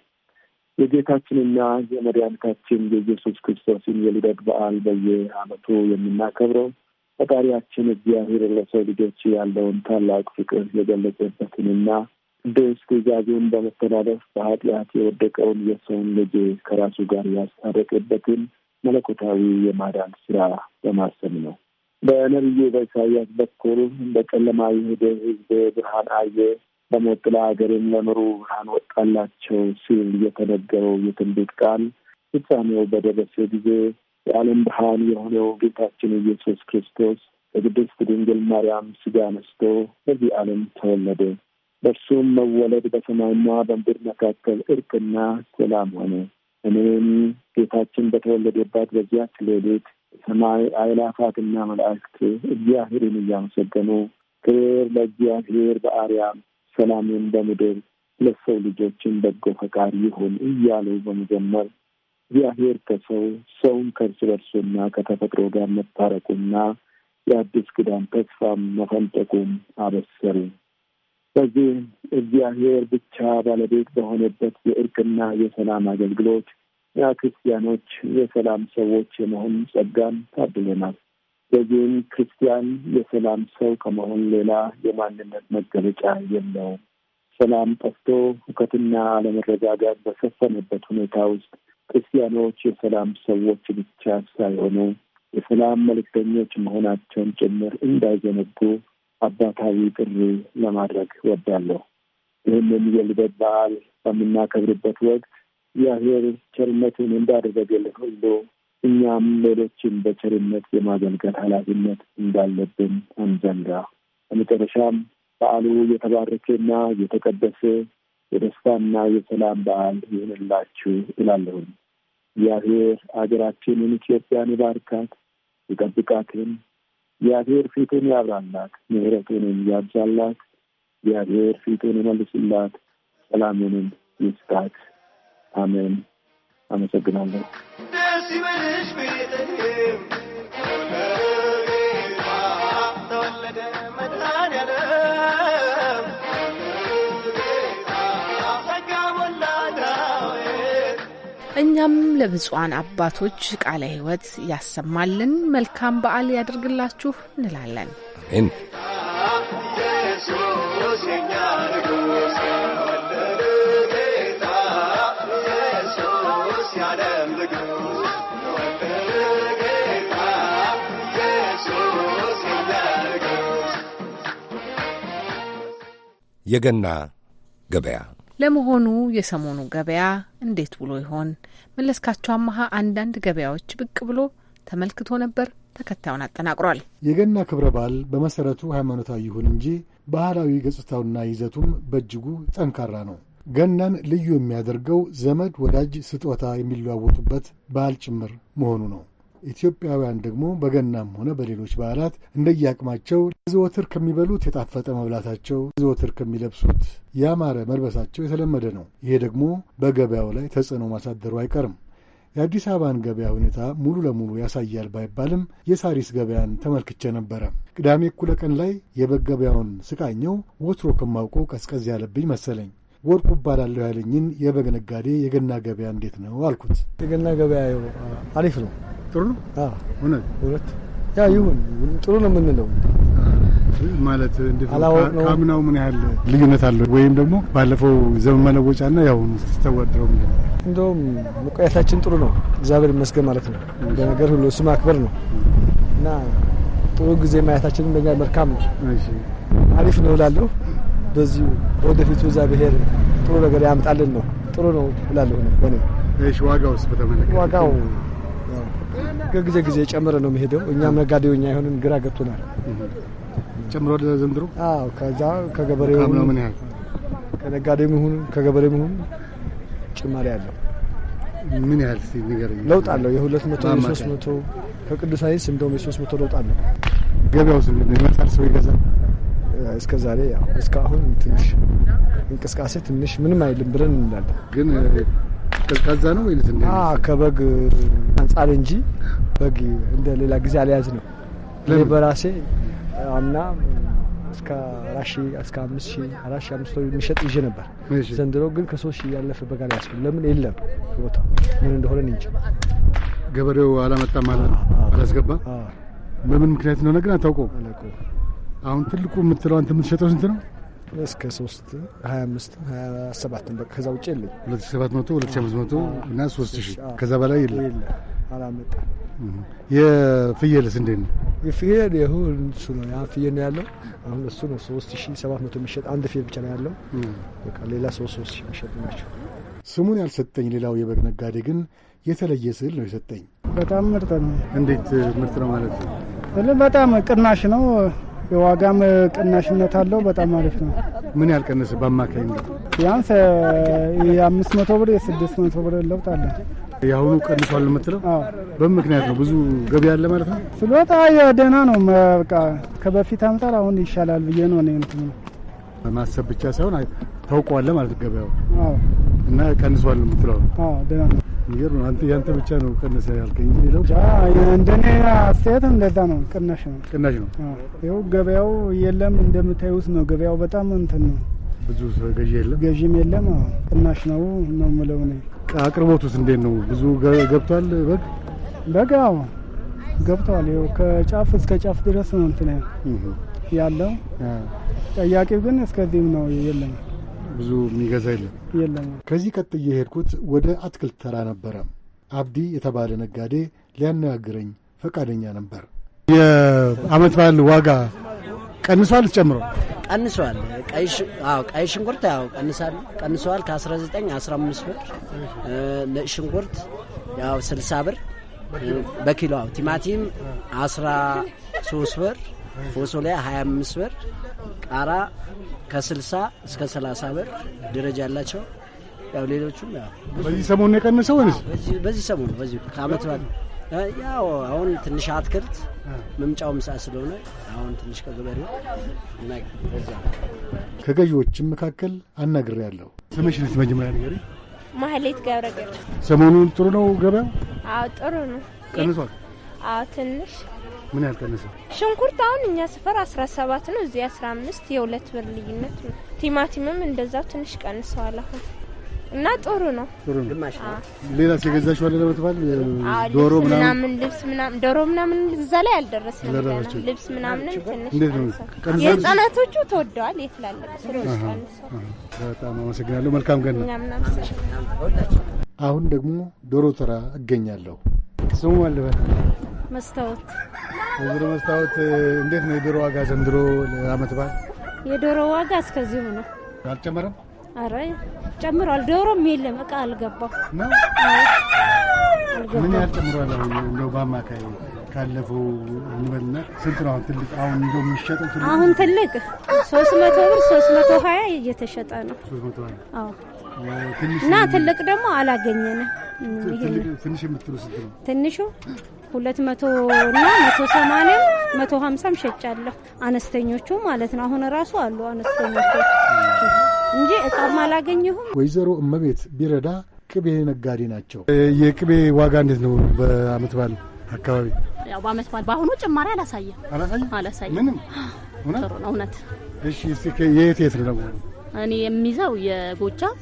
Speaker 4: የጌታችንና የመድኃኒታችን የኢየሱስ ክርስቶስን የልደት በዓል በየዓመቱ የምናከብረው ፈጣሪያችን እግዚአብሔር ለሰው ልጆች ያለውን ታላቅ ፍቅር የገለጸበትንና ቅዱስ ትእዛዙን በመተላለፍ በኃጢአት የወደቀውን የሰውን ልጅ ከራሱ ጋር ያስታረቀበትን መለኮታዊ የማዳን ስራ በማሰብ ነው። በነቢዩ በኢሳያስ በኩል በጨለማ የሄደ ሕዝብ ብርሃን አየ፣ በሞት ጥላ ሀገርን ብርሃን ወጣላቸው ሲል የተነገረው የትንቢት ቃል ፍጻሜው በደረሰ ጊዜ የዓለም ብርሃን የሆነው ጌታችን ኢየሱስ ክርስቶስ በቅድስት ድንግል ማርያም ስጋ ነስቶ በዚህ ዓለም ተወለደ። በእርሱም መወለድ በሰማይና በምድር መካከል እርቅና ሰላም ሆነ። እኔም ጌታችን በተወለደባት በዚያች ሌሊት ሰማይ አይላፋትና መላእክት እግዚአብሔርን እያመሰገኑ ክብር ለእግዚአብሔር በአርያም ሰላምን በምድር ለሰው ልጆችን በጎ ፈቃድ ይሁን እያሉ በመዘመር እግዚአብሔር ከሰው ሰውን ከእርስ በርሱና ከተፈጥሮ ጋር መታረቁና የአዲስ ኪዳን ተስፋም መፈንጠቁም አበሰሩ። በዚህም እግዚአብሔር ብቻ ባለቤት በሆነበት የእርቅና የሰላም አገልግሎት ክርስቲያኖች የሰላም ሰዎች የመሆን ጸጋን ታድለናል። በዚህም ክርስቲያን የሰላም ሰው ከመሆን ሌላ የማንነት መገለጫ የለውም። ሰላም ጠፍቶ ሁከትና አለመረጋጋት በሰፈነበት ሁኔታ ውስጥ ክርስቲያኖች የሰላም ሰዎች ብቻ ሳይሆኑ የሰላም መልእክተኞች መሆናቸውን ጭምር እንዳይዘነጉ አባታዊ ጥሪ ለማድረግ ወዳለሁ። ይህንን የልደት በዓል በምናከብርበት ወቅት እግዚአብሔር ቸርነቱን እንዳደረገልን ሁሉ እኛም ሌሎችን በቸርነት የማገልገል ኃላፊነት እንዳለብን አንዘንጋ። በመጨረሻም በዓሉ የተባረከና የተቀደሰ የደስታና የሰላም በዓል ይሁንላችሁ እላለሁም። እግዚአብሔር አገራችንን ኢትዮጵያን ይባርካት ይጠብቃትን። እግዚአብሔር ፊቱን ያብራላት ምሕረቱንም ያብዛላት። እግዚአብሔር ፊቱን ይመልስላት ሰላሙንም ይስጣት። አሜን። አመሰግናለሁ።
Speaker 3: ደስ ይበልሽ ተወለደ
Speaker 2: እኛም ለብፁዓን አባቶች ቃለ ሕይወት ያሰማልን፣ መልካም በዓል ያደርግላችሁ እንላለን።
Speaker 1: የገና ገበያ
Speaker 2: ለመሆኑ የሰሞኑ ገበያ እንዴት ውሎ ይሆን? መለስካቸው አመሀ አንዳንድ ገበያዎች ብቅ ብሎ ተመልክቶ ነበር። ተከታዩን አጠናቅሯል።
Speaker 7: የገና ክብረ በዓል በመሰረቱ ሃይማኖታዊ ይሁን እንጂ ባህላዊ ገጽታውና ይዘቱም በእጅጉ ጠንካራ ነው። ገናን ልዩ የሚያደርገው ዘመድ ወዳጅ ስጦታ የሚለዋወጡበት በዓል ጭምር መሆኑ ነው። ኢትዮጵያውያን ደግሞ በገናም ሆነ በሌሎች በዓላት እንደየአቅማቸው ዘወትር ከሚበሉት የጣፈጠ መብላታቸው፣ ዘወትር ከሚለብሱት ያማረ መልበሳቸው የተለመደ ነው። ይሄ ደግሞ በገበያው ላይ ተጽዕኖ ማሳደሩ አይቀርም። የአዲስ አበባን ገበያ ሁኔታ ሙሉ ለሙሉ ያሳያል ባይባልም የሳሪስ ገበያን ተመልክቼ ነበረ። ቅዳሜ እኩለ ቀን ላይ የበግ ገበያውን ስቃኘው ወትሮ ከማውቀው ቀዝቀዝ ያለብኝ መሰለኝ። ወርቁ እባላለሁ ያለኝን የበግ ነጋዴ የገና ገበያ እንዴት ነው አልኩት። የገና ገበያ አሪፍ ነው፣ ጥሩ ነው። እውነት ያ ይሁን ጥሩ ነው የምንለው ማለት
Speaker 9: ከአምናው ምን ያህል
Speaker 7: ልዩነት አለው? ወይም ደግሞ ባለፈው ዘመን መለወጫ ና ያሁኑ
Speaker 9: ስተወጥረው እንደውም መቆያታችን ጥሩ ነው፣ እግዚአብሔር ይመስገን ማለት ነው። ለነገር ሁሉ እሱ ማክበር ነው እና ጥሩ ጊዜ ማየታችን ለእኛ መልካም ነው፣ አሪፍ ነው እላለሁ። በዚሁ ወደፊቱ እዛ ብሄር ጥሩ ነገር ያምጣልን ነው። ጥሩ ነው እላለሁ እኔ። እሺ ዋጋውስ በተመለከተ? ዋጋው ከጊዜ ጊዜ ጨምረ ነው የሚሄደው። እኛም እኛ አይሆንን ግራ ገብቶናል። ጨምሯል ዘንድሮ። አዎ ከዛ ከገበሬው ምን ያህል ከነጋዴው ምሁን ከገበሬው ምሁን ጭማሪ አለው። ምን ያህል ንገረኝ። ለውጥ አለው። የሁለት መቶ የሶስት መቶ ከቅዱስ ሐይስ እንደውም የሶስት መቶ ለውጥ አለው።
Speaker 7: ገበያውስ ምን ይመስላል? ሰው ይገዛል
Speaker 9: እስከ ዛሬ ያው እስከ አሁን ትንሽ እንቅስቃሴ ትንሽ ምንም አይልም ብለን እንላለን። ግን ቀዝቃዛ ነው ወይነት ከበግ አንጻር እንጂ በግ እንደ ሌላ ጊዜ አልያዝ ነው። እኔ በራሴ አምና እስከ አራት ሺህ እስከ አምስት ሺ አራት ሺህ አምስት የሚሸጥ ይዤ ነበር። ዘንድሮ ግን ከሶስት ሺ ያለፈ በግ አልያዝኩም። ለምን የለም ቦታ ምን እንደሆነ እንጂ ገበሬው አላመጣም አላስገባ።
Speaker 7: በምን ምክንያት ነው ነገር አታውቀውም?
Speaker 9: አሁን ትልቁ የምትለው አንተ የምትሸጠው ስንት ነው? እስከ ሶስት ሀያ አምስት ሀያ ሰባትን በቃ ከዛ ውጭ የለኝ። ሁለት ሺ ሰባት መቶ ሁለት ሺ አምስት መቶ እና ሶስት ሺ ከዛ በላይ የለ አላመጣም።
Speaker 7: የፍየልስ እንዴት ነው?
Speaker 9: የፍየል ይሁን እሱ ነው ያ ፍየል ነው ያለው አሁን እሱ ነው ሶስት ሺ ሰባት መቶ የሚሸጥ አንድ ፍየል ብቻ ነው ያለው። በቃ ሌላ ሶስት ሶስት ሺ የሚሸጡ ናቸው።
Speaker 7: ስሙን ያልሰጠኝ ሌላው የበግ ነጋዴ ግን የተለየ ስዕል ነው የሰጠኝ። በጣም ምርጥ ነው። እንዴት ምርጥ ነው ማለት ነው? በጣም ቅናሽ ነው የዋጋም ቅናሽነት አለው። በጣም አሪፍ ነው። ምን ያህል ቀነሰ? በአማካይ ቢያንስ የአምስት መቶ ብር የስድስት መቶ ብር ለውጥ አለ። የአሁኑ ቀንሷል የምትለው በምን ምክንያት ነው? ብዙ ገቢ አለ ማለት ነው። ስለወጣ ደህና ነው። በቃ ከበፊት አንጻር አሁን ይሻላል ብዬ ነው እኔ እንትን ነው ማሰብ ብቻ ሳይሆን ታውቀዋለህ ማለት ገበያው እና ቀንሷል የምትለው ደህና ነው። የሚገርም አንተ ያንተ ብቻ ነው ቀነሰ ያልከኝ እንደኔ አስተያየት እንደዛ ነው። ቅናሽ ነው ቅናሽ ነው። ይኸው ገበያው የለም እንደምታዩት ነው። ገበያው በጣም እንትን ነው። ብዙ ገዢ የለም ገዢም የለም። ቅናሽ ነው ነው የምለው እኔ። አቅርቦቱስ እንዴት ነው? ብዙ ገብቷል በግ በግ አዎ
Speaker 9: ይኸው ከጫፍ እስከ ጫፍ ድረስ ነው እንትን ያለው። ጠያቂው ግን እስከዚህም ነው የለም
Speaker 7: ብዙ የሚገዛ የለም
Speaker 9: የለም። ከዚህ
Speaker 7: ቀጥዬ እየሄድኩት ወደ አትክልት ተራ ነበረ። አብዲ የተባለ ነጋዴ ሊያነጋግረኝ ፈቃደኛ ነበር። የአመት በዓል ዋጋ ቀንሷል? ጨምሮ
Speaker 6: ቀንሷል። ቀይ ሽንኩርት ያው ቀንሳል ቀንሷል። ከ19 15 ብር ሽንኩርት ያው 60 ብር በኪሎ ቲማቲም 13 ብር ፎሶሊያ 25 ብር፣ ቃራ ከ60 እስከ 30 ብር ደረጃ ያላቸው ያው ሌሎቹም ያው በዚህ ሰሞን ነው የቀነሰው ወይስ በዚህ በዚህ ሰሞን በዚህ ከአመት በኋላ ያው አሁን ትንሽ አትክልት መምጫውም ምሳ ስለሆነ አሁን ትንሽ ከገበሬው እና በዛ
Speaker 7: ከገዢዎችም መካከል አናግሬያለሁ። ስምሽን መጀመሪያ ነገር
Speaker 10: ማህሌት ገብረ ገብ።
Speaker 7: ሰሞኑን ጥሩ ነው ገበያው?
Speaker 10: አዎ ጥሩ ነው። ቀንሷል? አዎ ትንሽ ምን ያህል ቀነሰ? ሽንኩርት አሁን እኛ ስፈር አስራ ሰባት ነው እዚህ አስራ አምስት የሁለት ብር ልዩነት ነው። ቲማቲምም እንደዛው ትንሽ ቀንሰዋል አሁን እና ጥሩ ነው።
Speaker 7: ጥሩ ነው። ሌላ ሲገዛሽ ዋለ ለበትባል ዶሮ ምናምን
Speaker 10: ልብስ ምናምን ዶሮ ምናምን እዛ ላይ አልደረሰም። ነው። ልብስ ምናምን ትንሽ
Speaker 7: ነው? የህጻናቶቹ
Speaker 10: ተወደዋል። የትላለቅ ስለሆነ
Speaker 7: በጣም አመሰግናለሁ። መልካም ገና። አሁን ደግሞ ዶሮ ተራ እገኛለሁ። ስሙ አለበት መስታወት ወይዘሮ መስታወት እንዴት ነው የዶሮ ዋጋ ዘንድሮ ለአመት በዓል?
Speaker 10: የዶሮ ዋጋ እስከዚሁ ነው። አልጨመረም? አረ ጨምሯል። ዶሮም የለም እቃ አልገባም። ምን ያህል
Speaker 7: ጨምሯል? አሁን እንደው በአማካይ ካለፈው እንበልና ስንት ነው አሁን ትልቅ? አሁን እንደው የሚሸጠው ትልቅ አሁን
Speaker 10: ትልቅ ሶስት መቶ ብር ሶስት መቶ ሀያ እየተሸጠ ነው። ሶስት መቶ
Speaker 7: ሀያ እና ትልቅ
Speaker 10: ደግሞ አላገኘንም።
Speaker 7: ትንሽ የምትሉ ስንት ነው
Speaker 10: ትንሹ ሁለት መቶ እና መቶ ሰማንያ መቶ ሀምሳም ሸጫለሁ። አነስተኞቹ ማለት ነው። አሁን ራሱ አሉ አነስተኞቹ እንጂ እጣም አላገኘሁም።
Speaker 7: ወይዘሮ እመቤት ቢረዳ ቅቤ ነጋዴ ናቸው። የቅቤ ዋጋ እንዴት ነው በአመት በዓል አካባቢ?
Speaker 10: ያው በአመት በዓል በአሁኑ ጭማሪ አላሳየም አላሳየም አላሳየም ምንም እውነት እውነት።
Speaker 7: እሺ የት የት ነው
Speaker 10: እኔ የሚይዘው የጎጃም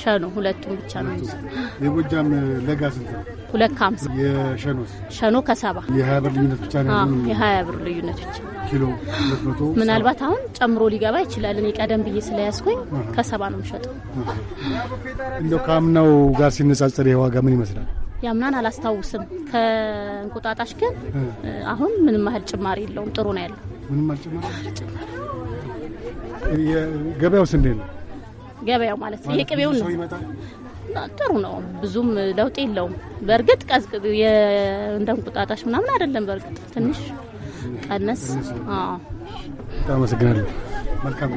Speaker 10: ሸኖ ሁለቱም ብቻ ነው።
Speaker 7: የጎጃም ለጋ ስንት ነው? ሁለት ከሀምሳ የሸኖ ሸኖ ከሰባ የሀያ ብር ልዩነት ብቻ ነው። የሀያ
Speaker 10: ብር ልዩነት ብቻ
Speaker 7: ኪሎ ምናልባት
Speaker 10: አሁን ጨምሮ ሊገባ ይችላል። እኔ ቀደም ብዬ ስለያዝኩኝ ከሰባ ነው የምሸጠው።
Speaker 7: እንደው ከአምናው ጋር ሲነጻጸር የዋጋ ምን ይመስላል?
Speaker 10: ያምናን አላስታውስም። ከእንቁጣጣሽ ግን አሁን ምንም ያህል ጭማሪ የለውም። ጥሩ ነው ያለው ምንም ጭማሪ
Speaker 7: ገበያው ስንዴ ነው?
Speaker 10: ገበያው ማለት ነው የቅቤው ነው ጥሩ ነው። ብዙም ለውጥ የለውም። በእርግጥ ቀዝቅ እንደ እንቁጣጣሽ ምናምን አይደለም። በእርግጥ ትንሽ ቀነስ። አዎ፣
Speaker 9: አመሰግናለሁ። መልካም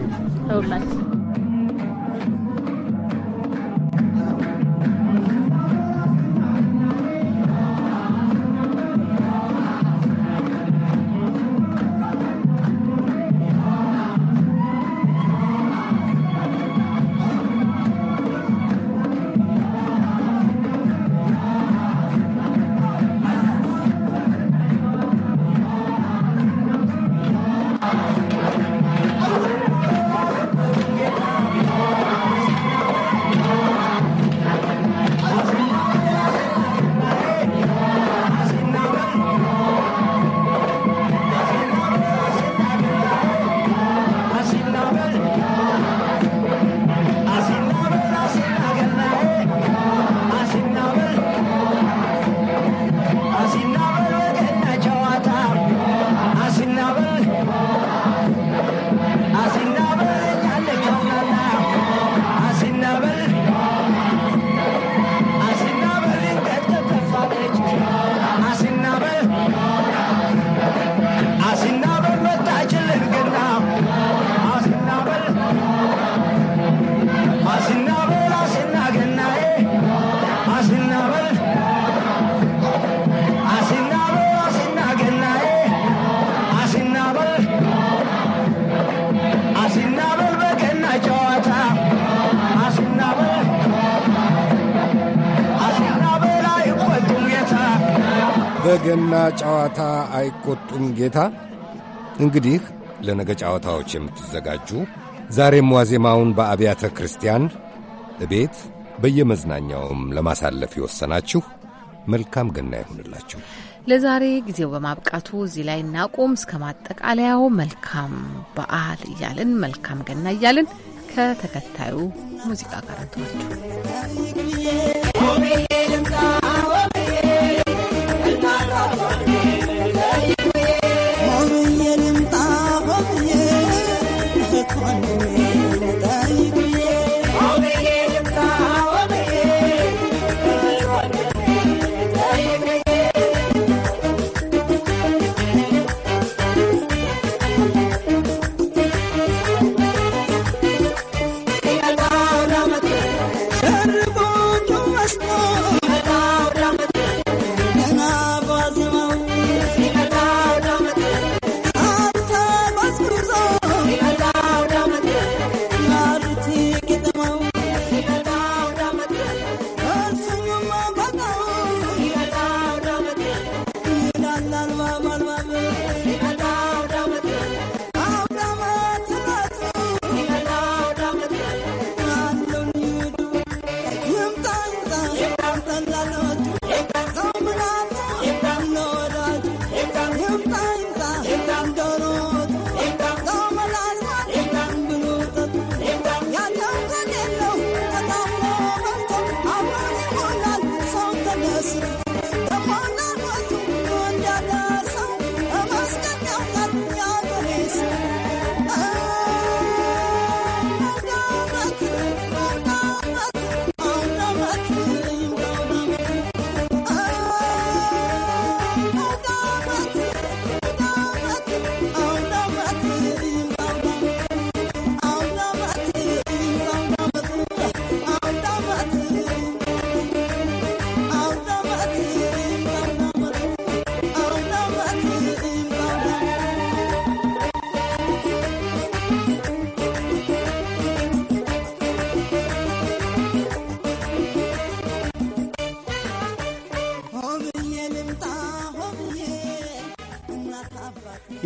Speaker 1: ከቡና ጨዋታ አይቆጡም ጌታ። እንግዲህ ለነገ ጨዋታዎች የምትዘጋጁ ዛሬም ዋዜማውን በአብያተ ክርስቲያን እቤት፣ በየመዝናኛውም ለማሳለፍ የወሰናችሁ መልካም ገና ይሁንላችሁ።
Speaker 2: ለዛሬ ጊዜው በማብቃቱ እዚህ ላይ እናቁም። እስከ ማጠቃለያው መልካም በዓል እያልን መልካም ገና እያልን ከተከታዩ ሙዚቃ ጋር እንተዋችሁ።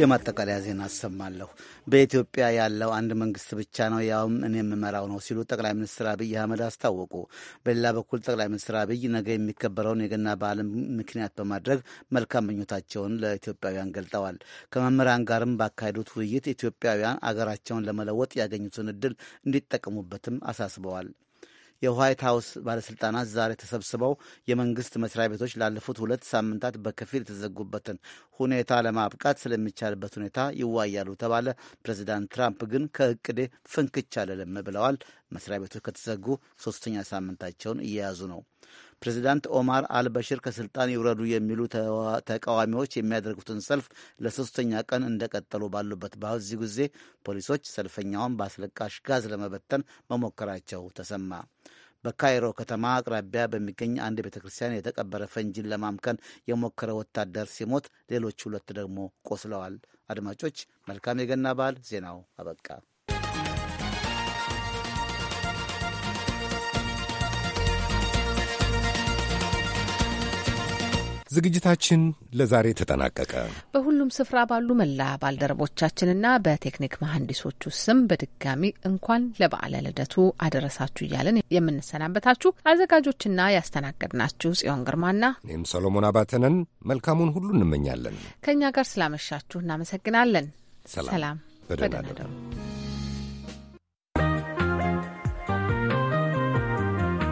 Speaker 5: የማጠቃለያ ዜና አሰማለሁ። በኢትዮጵያ ያለው አንድ መንግስት ብቻ ነው፣ ያውም እኔ የምመራው ነው ሲሉ ጠቅላይ ሚኒስትር አብይ አህመድ አስታወቁ። በሌላ በኩል ጠቅላይ ሚኒስትር አብይ ነገ የሚከበረውን የገና በዓል ምክንያት በማድረግ መልካም ምኞታቸውን ለኢትዮጵያውያን ገልጠዋል። ከመምህራን ጋርም ባካሄዱት ውይይት ኢትዮጵያውያን አገራቸውን ለመለወጥ ያገኙትን እድል እንዲጠቀሙበትም አሳስበዋል። የዋይት ሀውስ ባለስልጣናት ዛሬ ተሰብስበው የመንግስት መስሪያ ቤቶች ላለፉት ሁለት ሳምንታት በከፊል የተዘጉበትን ሁኔታ ለማብቃት ስለሚቻልበት ሁኔታ ይዋያሉ ተባለ። ፕሬዚዳንት ትራምፕ ግን ከእቅዴ ፍንክች አልልም ብለዋል። መስሪያ ቤቶች ከተዘጉ ሶስተኛ ሳምንታቸውን እየያዙ ነው። ፕሬዚዳንት ኦማር አልበሽር ከስልጣን ይውረዱ የሚሉ ተቃዋሚዎች የሚያደርጉትን ሰልፍ ለሶስተኛ ቀን እንደቀጠሉ ባሉበት በዚህ ጊዜ ፖሊሶች ሰልፈኛውን በአስለቃሽ ጋዝ ለመበተን መሞከራቸው ተሰማ። በካይሮ ከተማ አቅራቢያ በሚገኝ አንድ ቤተ ክርስቲያን የተቀበረ ፈንጂን ለማምከን የሞከረ ወታደር ሲሞት ሌሎች ሁለት ደግሞ ቆስለዋል። አድማጮች፣ መልካም የገና በዓል። ዜናው አበቃ።
Speaker 1: ዝግጅታችን ለዛሬ ተጠናቀቀ።
Speaker 2: በሁሉም ስፍራ ባሉ መላ ባልደረቦቻችንና በቴክኒክ መሐንዲሶቹ ስም በድጋሚ እንኳን ለበዓለ ልደቱ አደረሳችሁ እያለን የምንሰናበታችሁ አዘጋጆችና ያስተናገድናችሁ ጽዮን ግርማና
Speaker 1: እኔም ሰሎሞን አባተነን መልካሙን ሁሉ እንመኛለን።
Speaker 2: ከእኛ ጋር ስላመሻችሁ እናመሰግናለን። ሰላም፣ በደህና